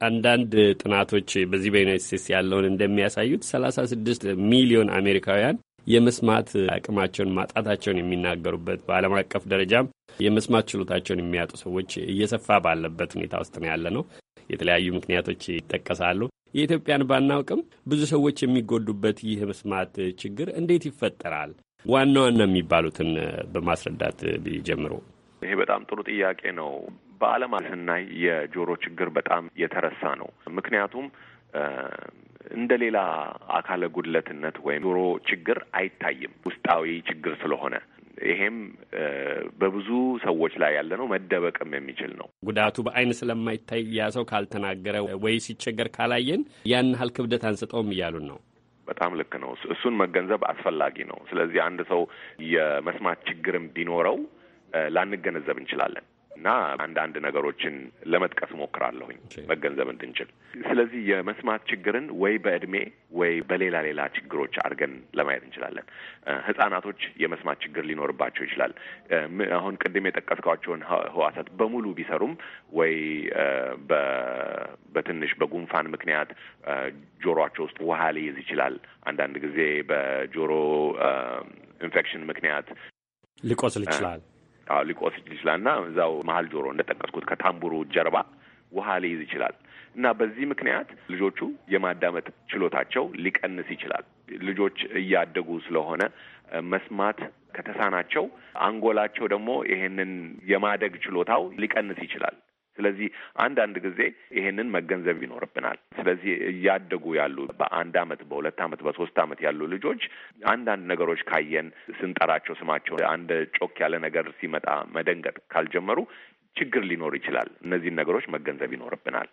አንዳንድ ጥናቶች በዚህ በዩናይት ስቴትስ ያለውን እንደሚያሳዩት 36 ሚሊዮን አሜሪካውያን የመስማት አቅማቸውን ማጣታቸውን የሚናገሩበት በዓለም አቀፍ ደረጃም የመስማት ችሎታቸውን የሚያጡ ሰዎች እየሰፋ ባለበት ሁኔታ ውስጥ ነው ያለ ነው። የተለያዩ ምክንያቶች ይጠቀሳሉ። የኢትዮጵያን ባናውቅም ብዙ ሰዎች የሚጎዱበት ይህ መስማት ችግር እንዴት ይፈጠራል? ዋና ዋና የሚባሉትን በማስረዳት ጀምሮ። ይሄ በጣም ጥሩ ጥያቄ ነው። በዓለም ስናይ የጆሮ ችግር በጣም የተረሳ ነው። ምክንያቱም እንደ ሌላ አካለ ጉድለትነት ወይም ጆሮ ችግር አይታይም ውስጣዊ ችግር ስለሆነ ይሄም በብዙ ሰዎች ላይ ያለ ነው። መደበቅም የሚችል ነው። ጉዳቱ በአይን ስለማይታይ ያ ሰው ካልተናገረ ወይ ሲቸገር ካላየን ያን ያህል ክብደት አንስጠውም እያሉን ነው። በጣም ልክ ነው። እሱን መገንዘብ አስፈላጊ ነው። ስለዚህ አንድ ሰው የመስማት ችግርም ቢኖረው ላንገነዘብ እንችላለን። እና አንዳንድ ነገሮችን ለመጥቀስ ሞክራለሁኝ መገንዘብ እንድንችል። ስለዚህ የመስማት ችግርን ወይ በእድሜ ወይ በሌላ ሌላ ችግሮች አድርገን ለማየት እንችላለን። ህጻናቶች የመስማት ችግር ሊኖርባቸው ይችላል። አሁን ቅድም የጠቀስኳቸውን ህዋሳት በሙሉ ቢሰሩም ወይ በትንሽ በጉንፋን ምክንያት ጆሮአቸው ውስጥ ውሃ ሊይዝ ይችላል። አንዳንድ ጊዜ በጆሮ ኢንፌክሽን ምክንያት ሊቆስል ይችላል። ይችላል ይችላልና እዛው መሀል ጆሮ እንደጠቀስኩት ከታምቡሩ ጀርባ ውሃ ሊይዝ ይችላል እና በዚህ ምክንያት ልጆቹ የማዳመጥ ችሎታቸው ሊቀንስ ይችላል። ልጆች እያደጉ ስለሆነ መስማት ከተሳናቸው አንጎላቸው ደግሞ ይሄንን የማደግ ችሎታው ሊቀንስ ይችላል። ስለዚህ አንዳንድ ጊዜ ይሄንን መገንዘብ ይኖርብናል። ስለዚህ እያደጉ ያሉ በአንድ አመት፣ በሁለት አመት፣ በሶስት አመት ያሉ ልጆች አንዳንድ ነገሮች ካየን ስንጠራቸው ስማቸው አንድ ጮክ ያለ ነገር ሲመጣ መደንገጥ ካልጀመሩ ችግር ሊኖር ይችላል። እነዚህን ነገሮች መገንዘብ ይኖርብናል።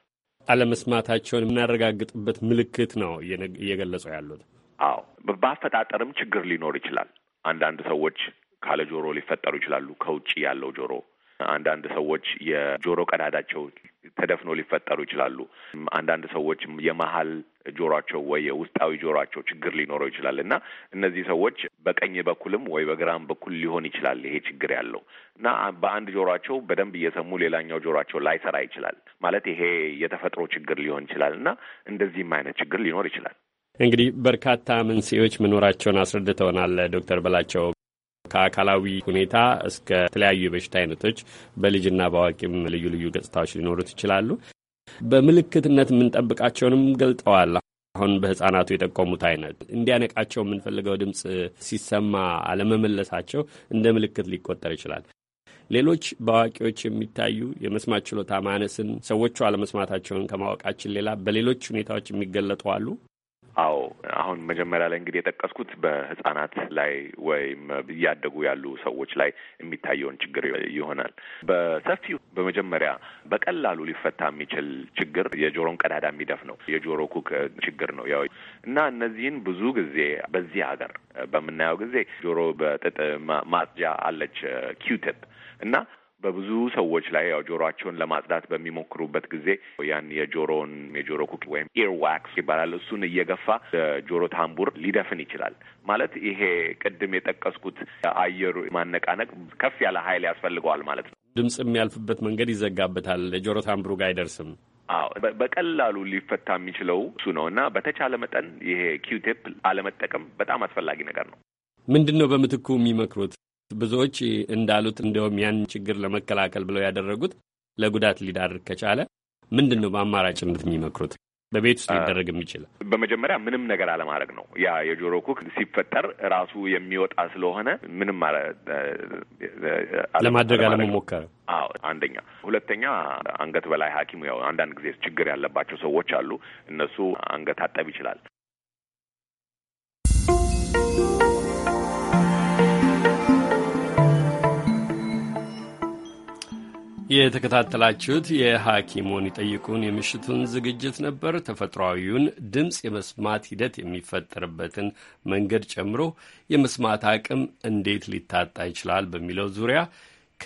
አለመስማታቸውን የምናረጋግጥበት ምልክት ነው እየገለጹ ያሉት። አዎ በአፈጣጠርም ችግር ሊኖር ይችላል። አንዳንድ ሰዎች ካለ ጆሮ ሊፈጠሩ ይችላሉ። ከውጭ ያለው ጆሮ አንዳንድ ሰዎች የጆሮ ቀዳዳቸው ተደፍኖ ሊፈጠሩ ይችላሉ። አንዳንድ ሰዎች የመሀል ጆሯቸው ወይ የውስጣዊ ጆሯቸው ችግር ሊኖረው ይችላል እና እነዚህ ሰዎች በቀኝ በኩልም ወይ በግራም በኩል ሊሆን ይችላል ይሄ ችግር ያለው እና በአንድ ጆሯቸው በደንብ እየሰሙ ሌላኛው ጆሯቸው ላይሰራ ይችላል። ማለት ይሄ የተፈጥሮ ችግር ሊሆን ይችላል እና እንደዚህም አይነት ችግር ሊኖር ይችላል። እንግዲህ በርካታ መንስኤዎች መኖራቸውን አስረድተውናል ዶክተር በላቸው። ከአካላዊ ሁኔታ እስከ ተለያዩ የበሽታ አይነቶች በልጅና በአዋቂም ልዩ ልዩ ገጽታዎች ሊኖሩት ይችላሉ። በምልክትነት የምንጠብቃቸውንም ገልጠዋል። አሁን በህጻናቱ የጠቆሙት አይነት እንዲያነቃቸው የምንፈልገው ድምፅ ሲሰማ አለመመለሳቸው እንደ ምልክት ሊቆጠር ይችላል። ሌሎች በአዋቂዎች የሚታዩ የመስማት ችሎታ ማነስን ሰዎቹ አለመስማታቸውን ከማወቃችን ሌላ በሌሎች ሁኔታዎች የሚገለጡ አሉ። አዎ አሁን መጀመሪያ ላይ እንግዲህ የጠቀስኩት በህጻናት ላይ ወይም እያደጉ ያሉ ሰዎች ላይ የሚታየውን ችግር ይሆናል። በሰፊው በመጀመሪያ በቀላሉ ሊፈታ የሚችል ችግር የጆሮን ቀዳዳ የሚደፍ ነው፣ የጆሮ ኩክ ችግር ነው ያው እና እነዚህን ብዙ ጊዜ በዚህ ሀገር በምናየው ጊዜ ጆሮ በጥጥ ማጽጃ አለች ኪዩቲፕ እና በብዙ ሰዎች ላይ ያው ጆሮአቸውን ለማጽዳት በሚሞክሩበት ጊዜ ያን የጆሮን የጆሮ ኩኪ ወይም ዋክስ ይባላል እሱን እየገፋ ጆሮ ታምቡር ሊደፍን ይችላል። ማለት ይሄ ቅድም የጠቀስኩት አየሩ ማነቃነቅ ከፍ ያለ ኃይል ያስፈልገዋል ማለት ነው። ድምፅ የሚያልፍበት መንገድ ይዘጋበታል። ጆሮ ታምቡሩ ጋር አይደርስም። አዎ በቀላሉ ሊፈታ የሚችለው እሱ ነው እና በተቻለ መጠን ይሄ ኪውቴፕ አለመጠቀም በጣም አስፈላጊ ነገር ነው። ምንድን ነው በምትኩ የሚመክሩት? ብዙዎች እንዳሉት እንደውም ያን ችግር ለመከላከል ብለው ያደረጉት ለጉዳት ሊዳርግ ከቻለ ምንድን ነው በአማራጭነት የሚመክሩት? በቤት ውስጥ ሊደረግ የሚችል በመጀመሪያ ምንም ነገር አለማድረግ ነው። ያ የጆሮ ኩክ ሲፈጠር ራሱ የሚወጣ ስለሆነ ምንም ለማድረግ አለመሞከር አዎ፣ አንደኛ። ሁለተኛ አንገት በላይ ሐኪም ያው አንዳንድ ጊዜ ችግር ያለባቸው ሰዎች አሉ። እነሱ አንገት አጠብ ይችላል የተከታተላችሁት የሐኪሙን ይጠይቁን የምሽቱን ዝግጅት ነበር። ተፈጥሯዊውን ድምፅ የመስማት ሂደት የሚፈጠርበትን መንገድ ጨምሮ የመስማት አቅም እንዴት ሊታጣ ይችላል በሚለው ዙሪያ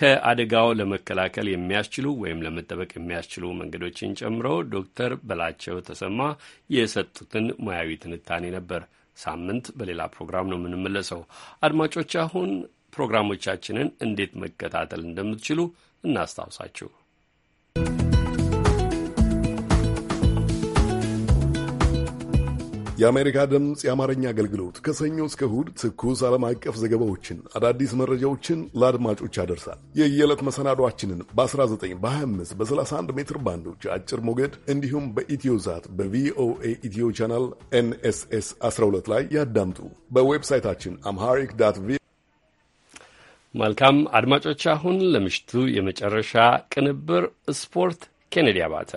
ከአደጋው ለመከላከል የሚያስችሉ ወይም ለመጠበቅ የሚያስችሉ መንገዶችን ጨምሮ ዶክተር በላቸው ተሰማ የሰጡትን ሙያዊ ትንታኔ ነበር። ሳምንት በሌላ ፕሮግራም ነው የምንመለሰው። አድማጮች አሁን ፕሮግራሞቻችንን እንዴት መከታተል እንደምትችሉ እናስታውሳችሁ። የአሜሪካ ድምፅ የአማርኛ አገልግሎት ከሰኞ እስከ እሁድ ትኩስ ዓለም አቀፍ ዘገባዎችን፣ አዳዲስ መረጃዎችን ለአድማጮች ያደርሳል። የየዕለት መሰናዷችንን በ19 በ25 በ31 ሜትር ባንዶች አጭር ሞገድ እንዲሁም በኢትዮ ዛት በቪኦኤ ኢትዮ ቻናል ኤንኤስኤስ 12 ላይ ያዳምጡ። በዌብሳይታችን አምሃሪክ ዳት ቪ መልካም አድማጮች፣ አሁን ለምሽቱ የመጨረሻ ቅንብር ስፖርት፣ ኬኔዲ አባተ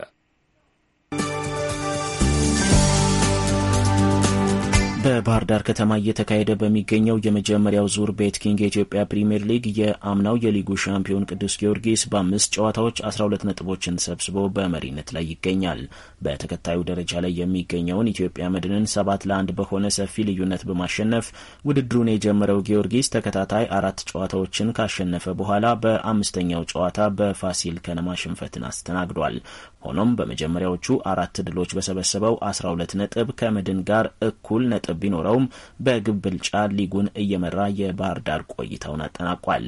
በባህር ዳር ከተማ እየተካሄደ በሚገኘው የመጀመሪያው ዙር ቤት ኪንግ የኢትዮጵያ ፕሪምየር ሊግ የአምናው የሊጉ ሻምፒዮን ቅዱስ ጊዮርጊስ በአምስት ጨዋታዎች 12 ነጥቦችን ሰብስቦ በመሪነት ላይ ይገኛል። በተከታዩ ደረጃ ላይ የሚገኘውን ኢትዮጵያ መድንን ሰባት ለአንድ በሆነ ሰፊ ልዩነት በማሸነፍ ውድድሩን የጀመረው ጊዮርጊስ ተከታታይ አራት ጨዋታዎችን ካሸነፈ በኋላ በአምስተኛው ጨዋታ በፋሲል ከነማ ሽንፈትን አስተናግዷል። ሆኖም በመጀመሪያዎቹ አራት ድሎች በሰበሰበው 12 ነጥብ ከመድን ጋር እኩል ነጥብ ቢኖረውም በግብ ብልጫ ሊጉን እየመራ የባህር ዳር ቆይታውን አጠናቋል።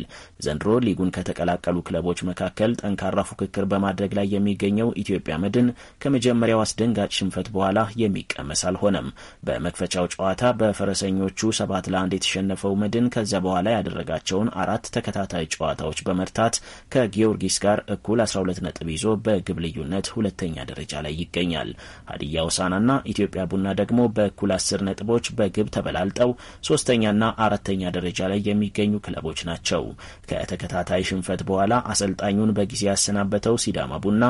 ዘንድሮ ሊጉን ከተቀላቀሉ ክለቦች መካከል ጠንካራ ፉክክር በማድረግ ላይ የሚገኘው ኢትዮጵያ መድን ከመጀመሪያው አስደንጋጭ ሽንፈት በኋላ የሚቀመስ አልሆነም። በመክፈቻው ጨዋታ በፈረሰኞቹ ሰባት ለአንድ የተሸነፈው መድን ከዚያ በኋላ ያደረጋቸውን አራት ተከታታይ ጨዋታዎች በመርታት ከጊዮርጊስ ጋር እኩል 12 ነጥብ ይዞ በግብ ልዩነት በመበልጠት ሁለተኛ ደረጃ ላይ ይገኛል። ሀዲያ ሆሳዕናና ኢትዮጵያ ቡና ደግሞ በእኩል አስር ነጥቦች በግብ ተበላልጠው ሶስተኛና አራተኛ ደረጃ ላይ የሚገኙ ክለቦች ናቸው። ከተከታታይ ሽንፈት በኋላ አሰልጣኙን በጊዜ ያሰናበተው ሲዳማ ቡና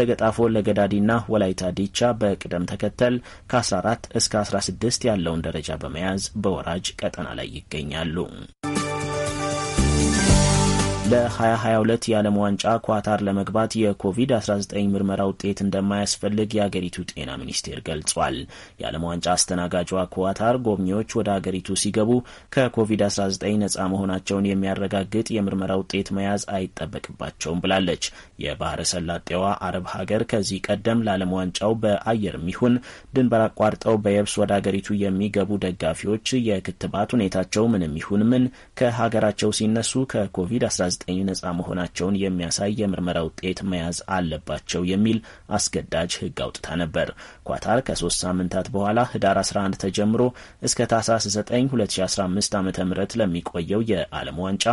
ለገጣፎ፣ ለገዳዲና ወላይታ ዲቻ በቅደም ተከተል ከ14 እስከ 16 ያለውን ደረጃ በመያዝ በወራጅ ቀጠና ላይ ይገኛሉ። ለ2022 የዓለም ዋንጫ ኳታር ለመግባት የኮቪድ-19 ምርመራ ውጤት እንደማያስፈልግ የአገሪቱ ጤና ሚኒስቴር ገልጿል። የዓለም ዋንጫ አስተናጋጇ ኳታር ጎብኚዎች ወደ አገሪቱ ሲገቡ ከኮቪድ-19 ነፃ መሆናቸውን የሚያረጋግጥ የምርመራ ውጤት መያዝ አይጠበቅባቸውም ብላለች። የባህረ ሰላጤዋ አረብ ሀገር ከዚህ ቀደም ለዓለም ዋንጫው በአየርም ይሁን ድንበር አቋርጠው በየብስ ወደ አገሪቱ የሚገቡ ደጋፊዎች የክትባት ሁኔታቸው ምንም ይሁን ምን ከሀገራቸው ሲነሱ ከኮቪድ-19 ከ ነጻ መሆናቸውን የሚያሳይ የምርመራ ውጤት መያዝ አለባቸው የሚል አስገዳጅ ህግ አውጥታ ነበር። ኳታር ከሶስት ሳምንታት በኋላ ህዳር 11 ተጀምሮ እስከ ታህሳስ 9 2015 ዓ ም ለሚቆየው የዓለም ዋንጫ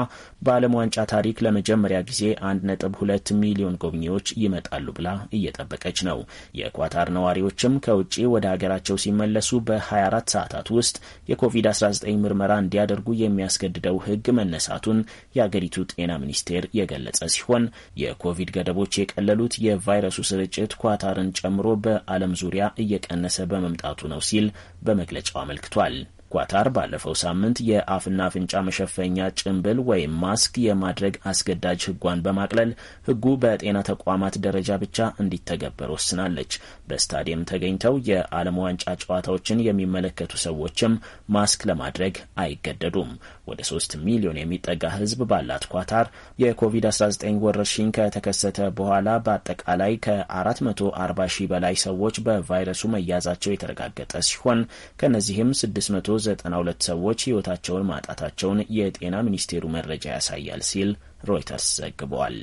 በዓለም ዋንጫ ታሪክ ለመጀመሪያ ጊዜ 1.2 ሚሊዮን ጎብኚዎች ይመጣሉ ብላ እየጠበቀች ነው። የኳታር ነዋሪዎችም ከውጭ ወደ ሀገራቸው ሲመለሱ በ24 ሰዓታት ውስጥ የኮቪድ-19 ምርመራ እንዲያደርጉ የሚያስገድደው ህግ መነሳቱን የአገሪቱ ጤና ሚኒስቴር የገለጸ ሲሆን የኮቪድ ገደቦች የቀለሉት የቫይረሱ ስርጭት ኳታርን ጨምሮ በዓለም ዙሪያ እየቀነሰ በመምጣቱ ነው ሲል በመግለጫው አመልክቷል። ኳታር ባለፈው ሳምንት የአፍና አፍንጫ መሸፈኛ ጭንብል ወይም ማስክ የማድረግ አስገዳጅ ህጓን በማቅለል ህጉ በጤና ተቋማት ደረጃ ብቻ እንዲተገበር ወስናለች። በስታዲየም ተገኝተው የዓለም ዋንጫ ጨዋታዎችን የሚመለከቱ ሰዎችም ማስክ ለማድረግ አይገደዱም። ወደ ሶስት ሚሊዮን የሚጠጋ ህዝብ ባላት ኳታር የኮቪድ-19 ወረርሽኝ ከተከሰተ በኋላ በአጠቃላይ ከ440 ሺህ በላይ ሰዎች በቫይረሱ መያዛቸው የተረጋገጠ ሲሆን ከእነዚህም 600 192 ሰዎች ሕይወታቸውን ማጣታቸውን የጤና ሚኒስቴሩ መረጃ ያሳያል ሲል ሮይተርስ ዘግቧል።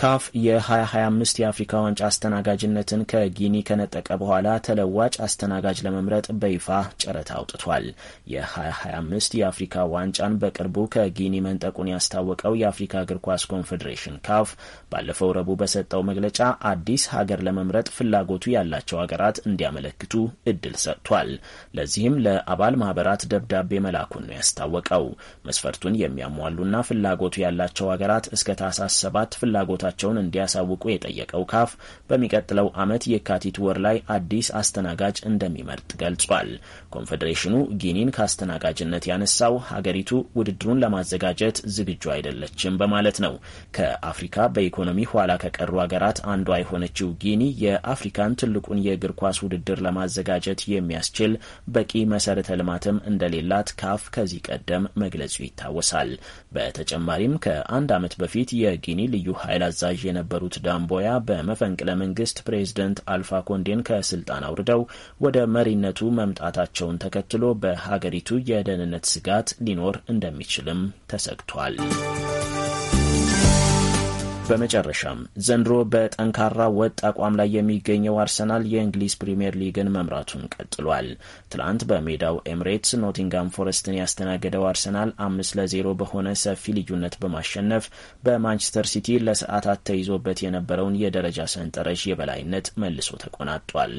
ካፍ የ2025 የአፍሪካ ዋንጫ አስተናጋጅነትን ከጊኒ ከነጠቀ በኋላ ተለዋጭ አስተናጋጅ ለመምረጥ በይፋ ጨረታ አውጥቷል። የ2025 የአፍሪካ ዋንጫን በቅርቡ ከጊኒ መንጠቁን ያስታወቀው የአፍሪካ እግር ኳስ ኮንፌዴሬሽን ካፍ ባለፈው ረቡዕ በሰጠው መግለጫ አዲስ ሀገር ለመምረጥ ፍላጎቱ ያላቸው ሀገራት እንዲያመለክቱ እድል ሰጥቷል። ለዚህም ለአባል ማህበራት ደብዳቤ መላኩን ነው ያስታወቀው። መስፈርቱን የሚያሟሉና ፍላጎቱ ያላቸው ሀገራት እስከ ታህሳስ ሰባት ፍላጎታቸውን እንዲያሳውቁ የጠየቀው ካፍ በሚቀጥለው ዓመት የካቲት ወር ላይ አዲስ አስተናጋጅ እንደሚመርጥ ገልጿል። ኮንፌዴሬሽኑ ጊኒን ከአስተናጋጅነት ያነሳው ሀገሪቱ ውድድሩን ለማዘጋጀት ዝግጁ አይደለችም በማለት ነው። ከአፍሪካ በኢኮ በኢኮኖሚ ኋላ ከቀሩ ሀገራት አንዷ የሆነችው ጊኒ የአፍሪካን ትልቁን የእግር ኳስ ውድድር ለማዘጋጀት የሚያስችል በቂ መሰረተ ልማትም እንደሌላት ካፍ ከዚህ ቀደም መግለጹ ይታወሳል። በተጨማሪም ከአንድ ዓመት በፊት የጊኒ ልዩ ኃይል አዛዥ የነበሩት ዳምቦያ በመፈንቅለ መንግስት ፕሬዝደንት አልፋ ኮንዴን ከስልጣን አውርደው ወደ መሪነቱ መምጣታቸውን ተከትሎ በሀገሪቱ የደህንነት ስጋት ሊኖር እንደሚችልም ተሰግቷል። በመጨረሻም ዘንድሮ በጠንካራ ወጥ አቋም ላይ የሚገኘው አርሰናል የእንግሊዝ ፕሪምየር ሊግን መምራቱን ቀጥሏል። ትላንት በሜዳው ኤምሬትስ ኖቲንጋም ፎረስትን ያስተናገደው አርሰናል አምስት ለዜሮ በሆነ ሰፊ ልዩነት በማሸነፍ በማንቸስተር ሲቲ ለሰዓታት ተይዞበት የነበረውን የደረጃ ሰንጠረዥ የበላይነት መልሶ ተቆናጧል።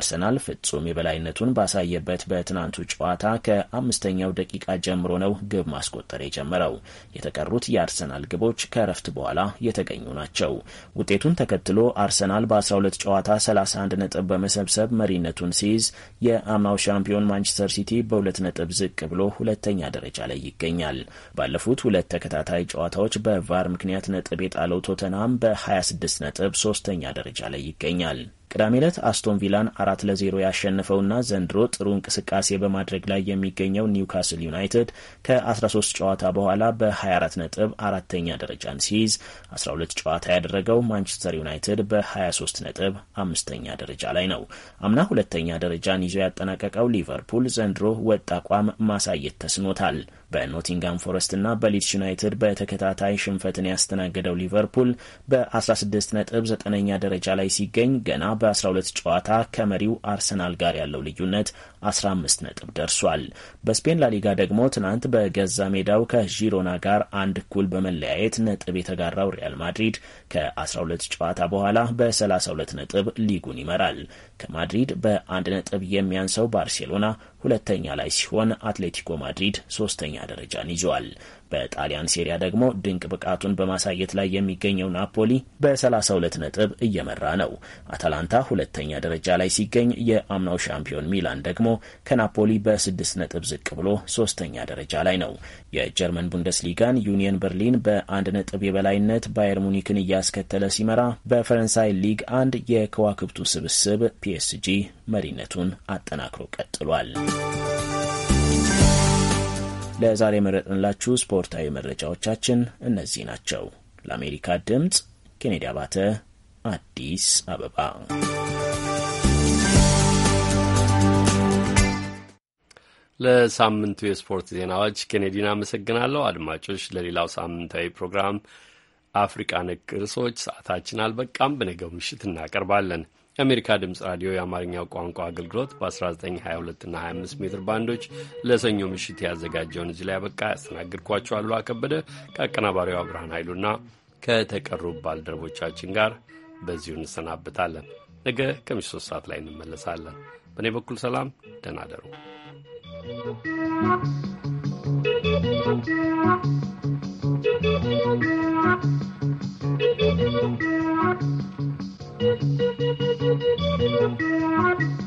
አርሰናል ፍጹም የበላይነቱን ባሳየበት በትናንቱ ጨዋታ ከአምስተኛው ደቂቃ ጀምሮ ነው ግብ ማስቆጠር የጀመረው። የተቀሩት የአርሰናል ግቦች ከእረፍት በኋላ የተገ ያገኙ ናቸው። ውጤቱን ተከትሎ አርሰናል በ12 ጨዋታ 31 ነጥብ በመሰብሰብ መሪነቱን ሲይዝ የአምናው ሻምፒዮን ማንቸስተር ሲቲ በ2 ነጥብ ዝቅ ብሎ ሁለተኛ ደረጃ ላይ ይገኛል። ባለፉት ሁለት ተከታታይ ጨዋታዎች በቫር ምክንያት ነጥብ የጣለው ቶተናም በ26 ነጥብ ሶስተኛ ደረጃ ላይ ይገኛል። ቅዳሜ ዕለት አስቶን ቪላን አራት ለዜሮ ያሸነፈውና ዘንድሮ ጥሩ እንቅስቃሴ በማድረግ ላይ የሚገኘው ኒውካስል ዩናይትድ ከ13 ጨዋታ በኋላ በ24 ነጥብ አራተኛ ደረጃን ሲይዝ 12 ጨዋታ ያደረገው ማንቸስተር ዩናይትድ በ23 ነጥብ አምስተኛ ደረጃ ላይ ነው። አምና ሁለተኛ ደረጃን ይዞ ያጠናቀቀው ሊቨርፑል ዘንድሮ ወጥ አቋም ማሳየት ተስኖታል። በኖቲንጋም ፎረስትና በሊድስ ዩናይትድ በተከታታይ ሽንፈትን ያስተናገደው ሊቨርፑል በ16 ነጥብ ዘጠነኛ ደረጃ ላይ ሲገኝ ገና በ12 ጨዋታ ከመሪው አርሰናል ጋር ያለው ልዩነት 15 ነጥብ ደርሷል። በስፔን ላሊጋ ደግሞ ትናንት በገዛ ሜዳው ከዢሮና ጋር አንድ እኩል በመለያየት ነጥብ የተጋራው ሪያል ማድሪድ ከ12 ጨዋታ በኋላ በ32 ነጥብ ሊጉን ይመራል። ከማድሪድ በአንድ ነጥብ የሚያንሰው ባርሴሎና ሁለተኛ ላይ ሲሆን፣ አትሌቲኮ ማድሪድ ሶስተኛ ደረጃን ይዟል። በጣሊያን ሴሪያ ደግሞ ድንቅ ብቃቱን በማሳየት ላይ የሚገኘው ናፖሊ በ32 ነጥብ እየመራ ነው። አታላንታ ሁለተኛ ደረጃ ላይ ሲገኝ የአምናው ሻምፒዮን ሚላን ደግሞ ከናፖሊ በ በ6 ነጥብ ዝቅ ብሎ ሶስተኛ ደረጃ ላይ ነው። የጀርመን ቡንደስሊጋን ዩኒየን በርሊን በአንድ ነጥብ የበላይነት ባየር ሙኒክን እያስከተለ ሲመራ፣ በፈረንሳይ ሊግ አንድ የከዋክብቱ ስብስብ ፒኤስጂ መሪነቱን አጠናክሮ ቀጥሏል። ለዛሬ የመረጥንላችሁ ስፖርታዊ መረጃዎቻችን እነዚህ ናቸው። ለአሜሪካ ድምፅ ኬኔዲ አባተ፣ አዲስ አበባ። ለሳምንቱ የስፖርት ዜናዎች ኬኔዲን አመሰግናለሁ። አድማጮች፣ ለሌላው ሳምንታዊ ፕሮግራም አፍሪቃ ነክ ርዕሶች ሰዓታችን አልበቃም። በነገው ምሽት እናቀርባለን። የአሜሪካ ድምፅ ራዲዮ የአማርኛው ቋንቋ አገልግሎት በ1922 እና 25 ሜትር ባንዶች ለሰኞ ምሽት ያዘጋጀውን እዚህ ላይ አበቃ። ያስተናግድኳቸው አሉላ ከበደ ከአቀናባሪዋ ብርሃን ኃይሉና ከተቀሩ ባልደረቦቻችን ጋር በዚሁ እንሰናብታለን። ነገ ከምሽት ሶስት ሰዓት ላይ እንመለሳለን። በእኔ በኩል ሰላም፣ ደህና አደሩ። Thank you.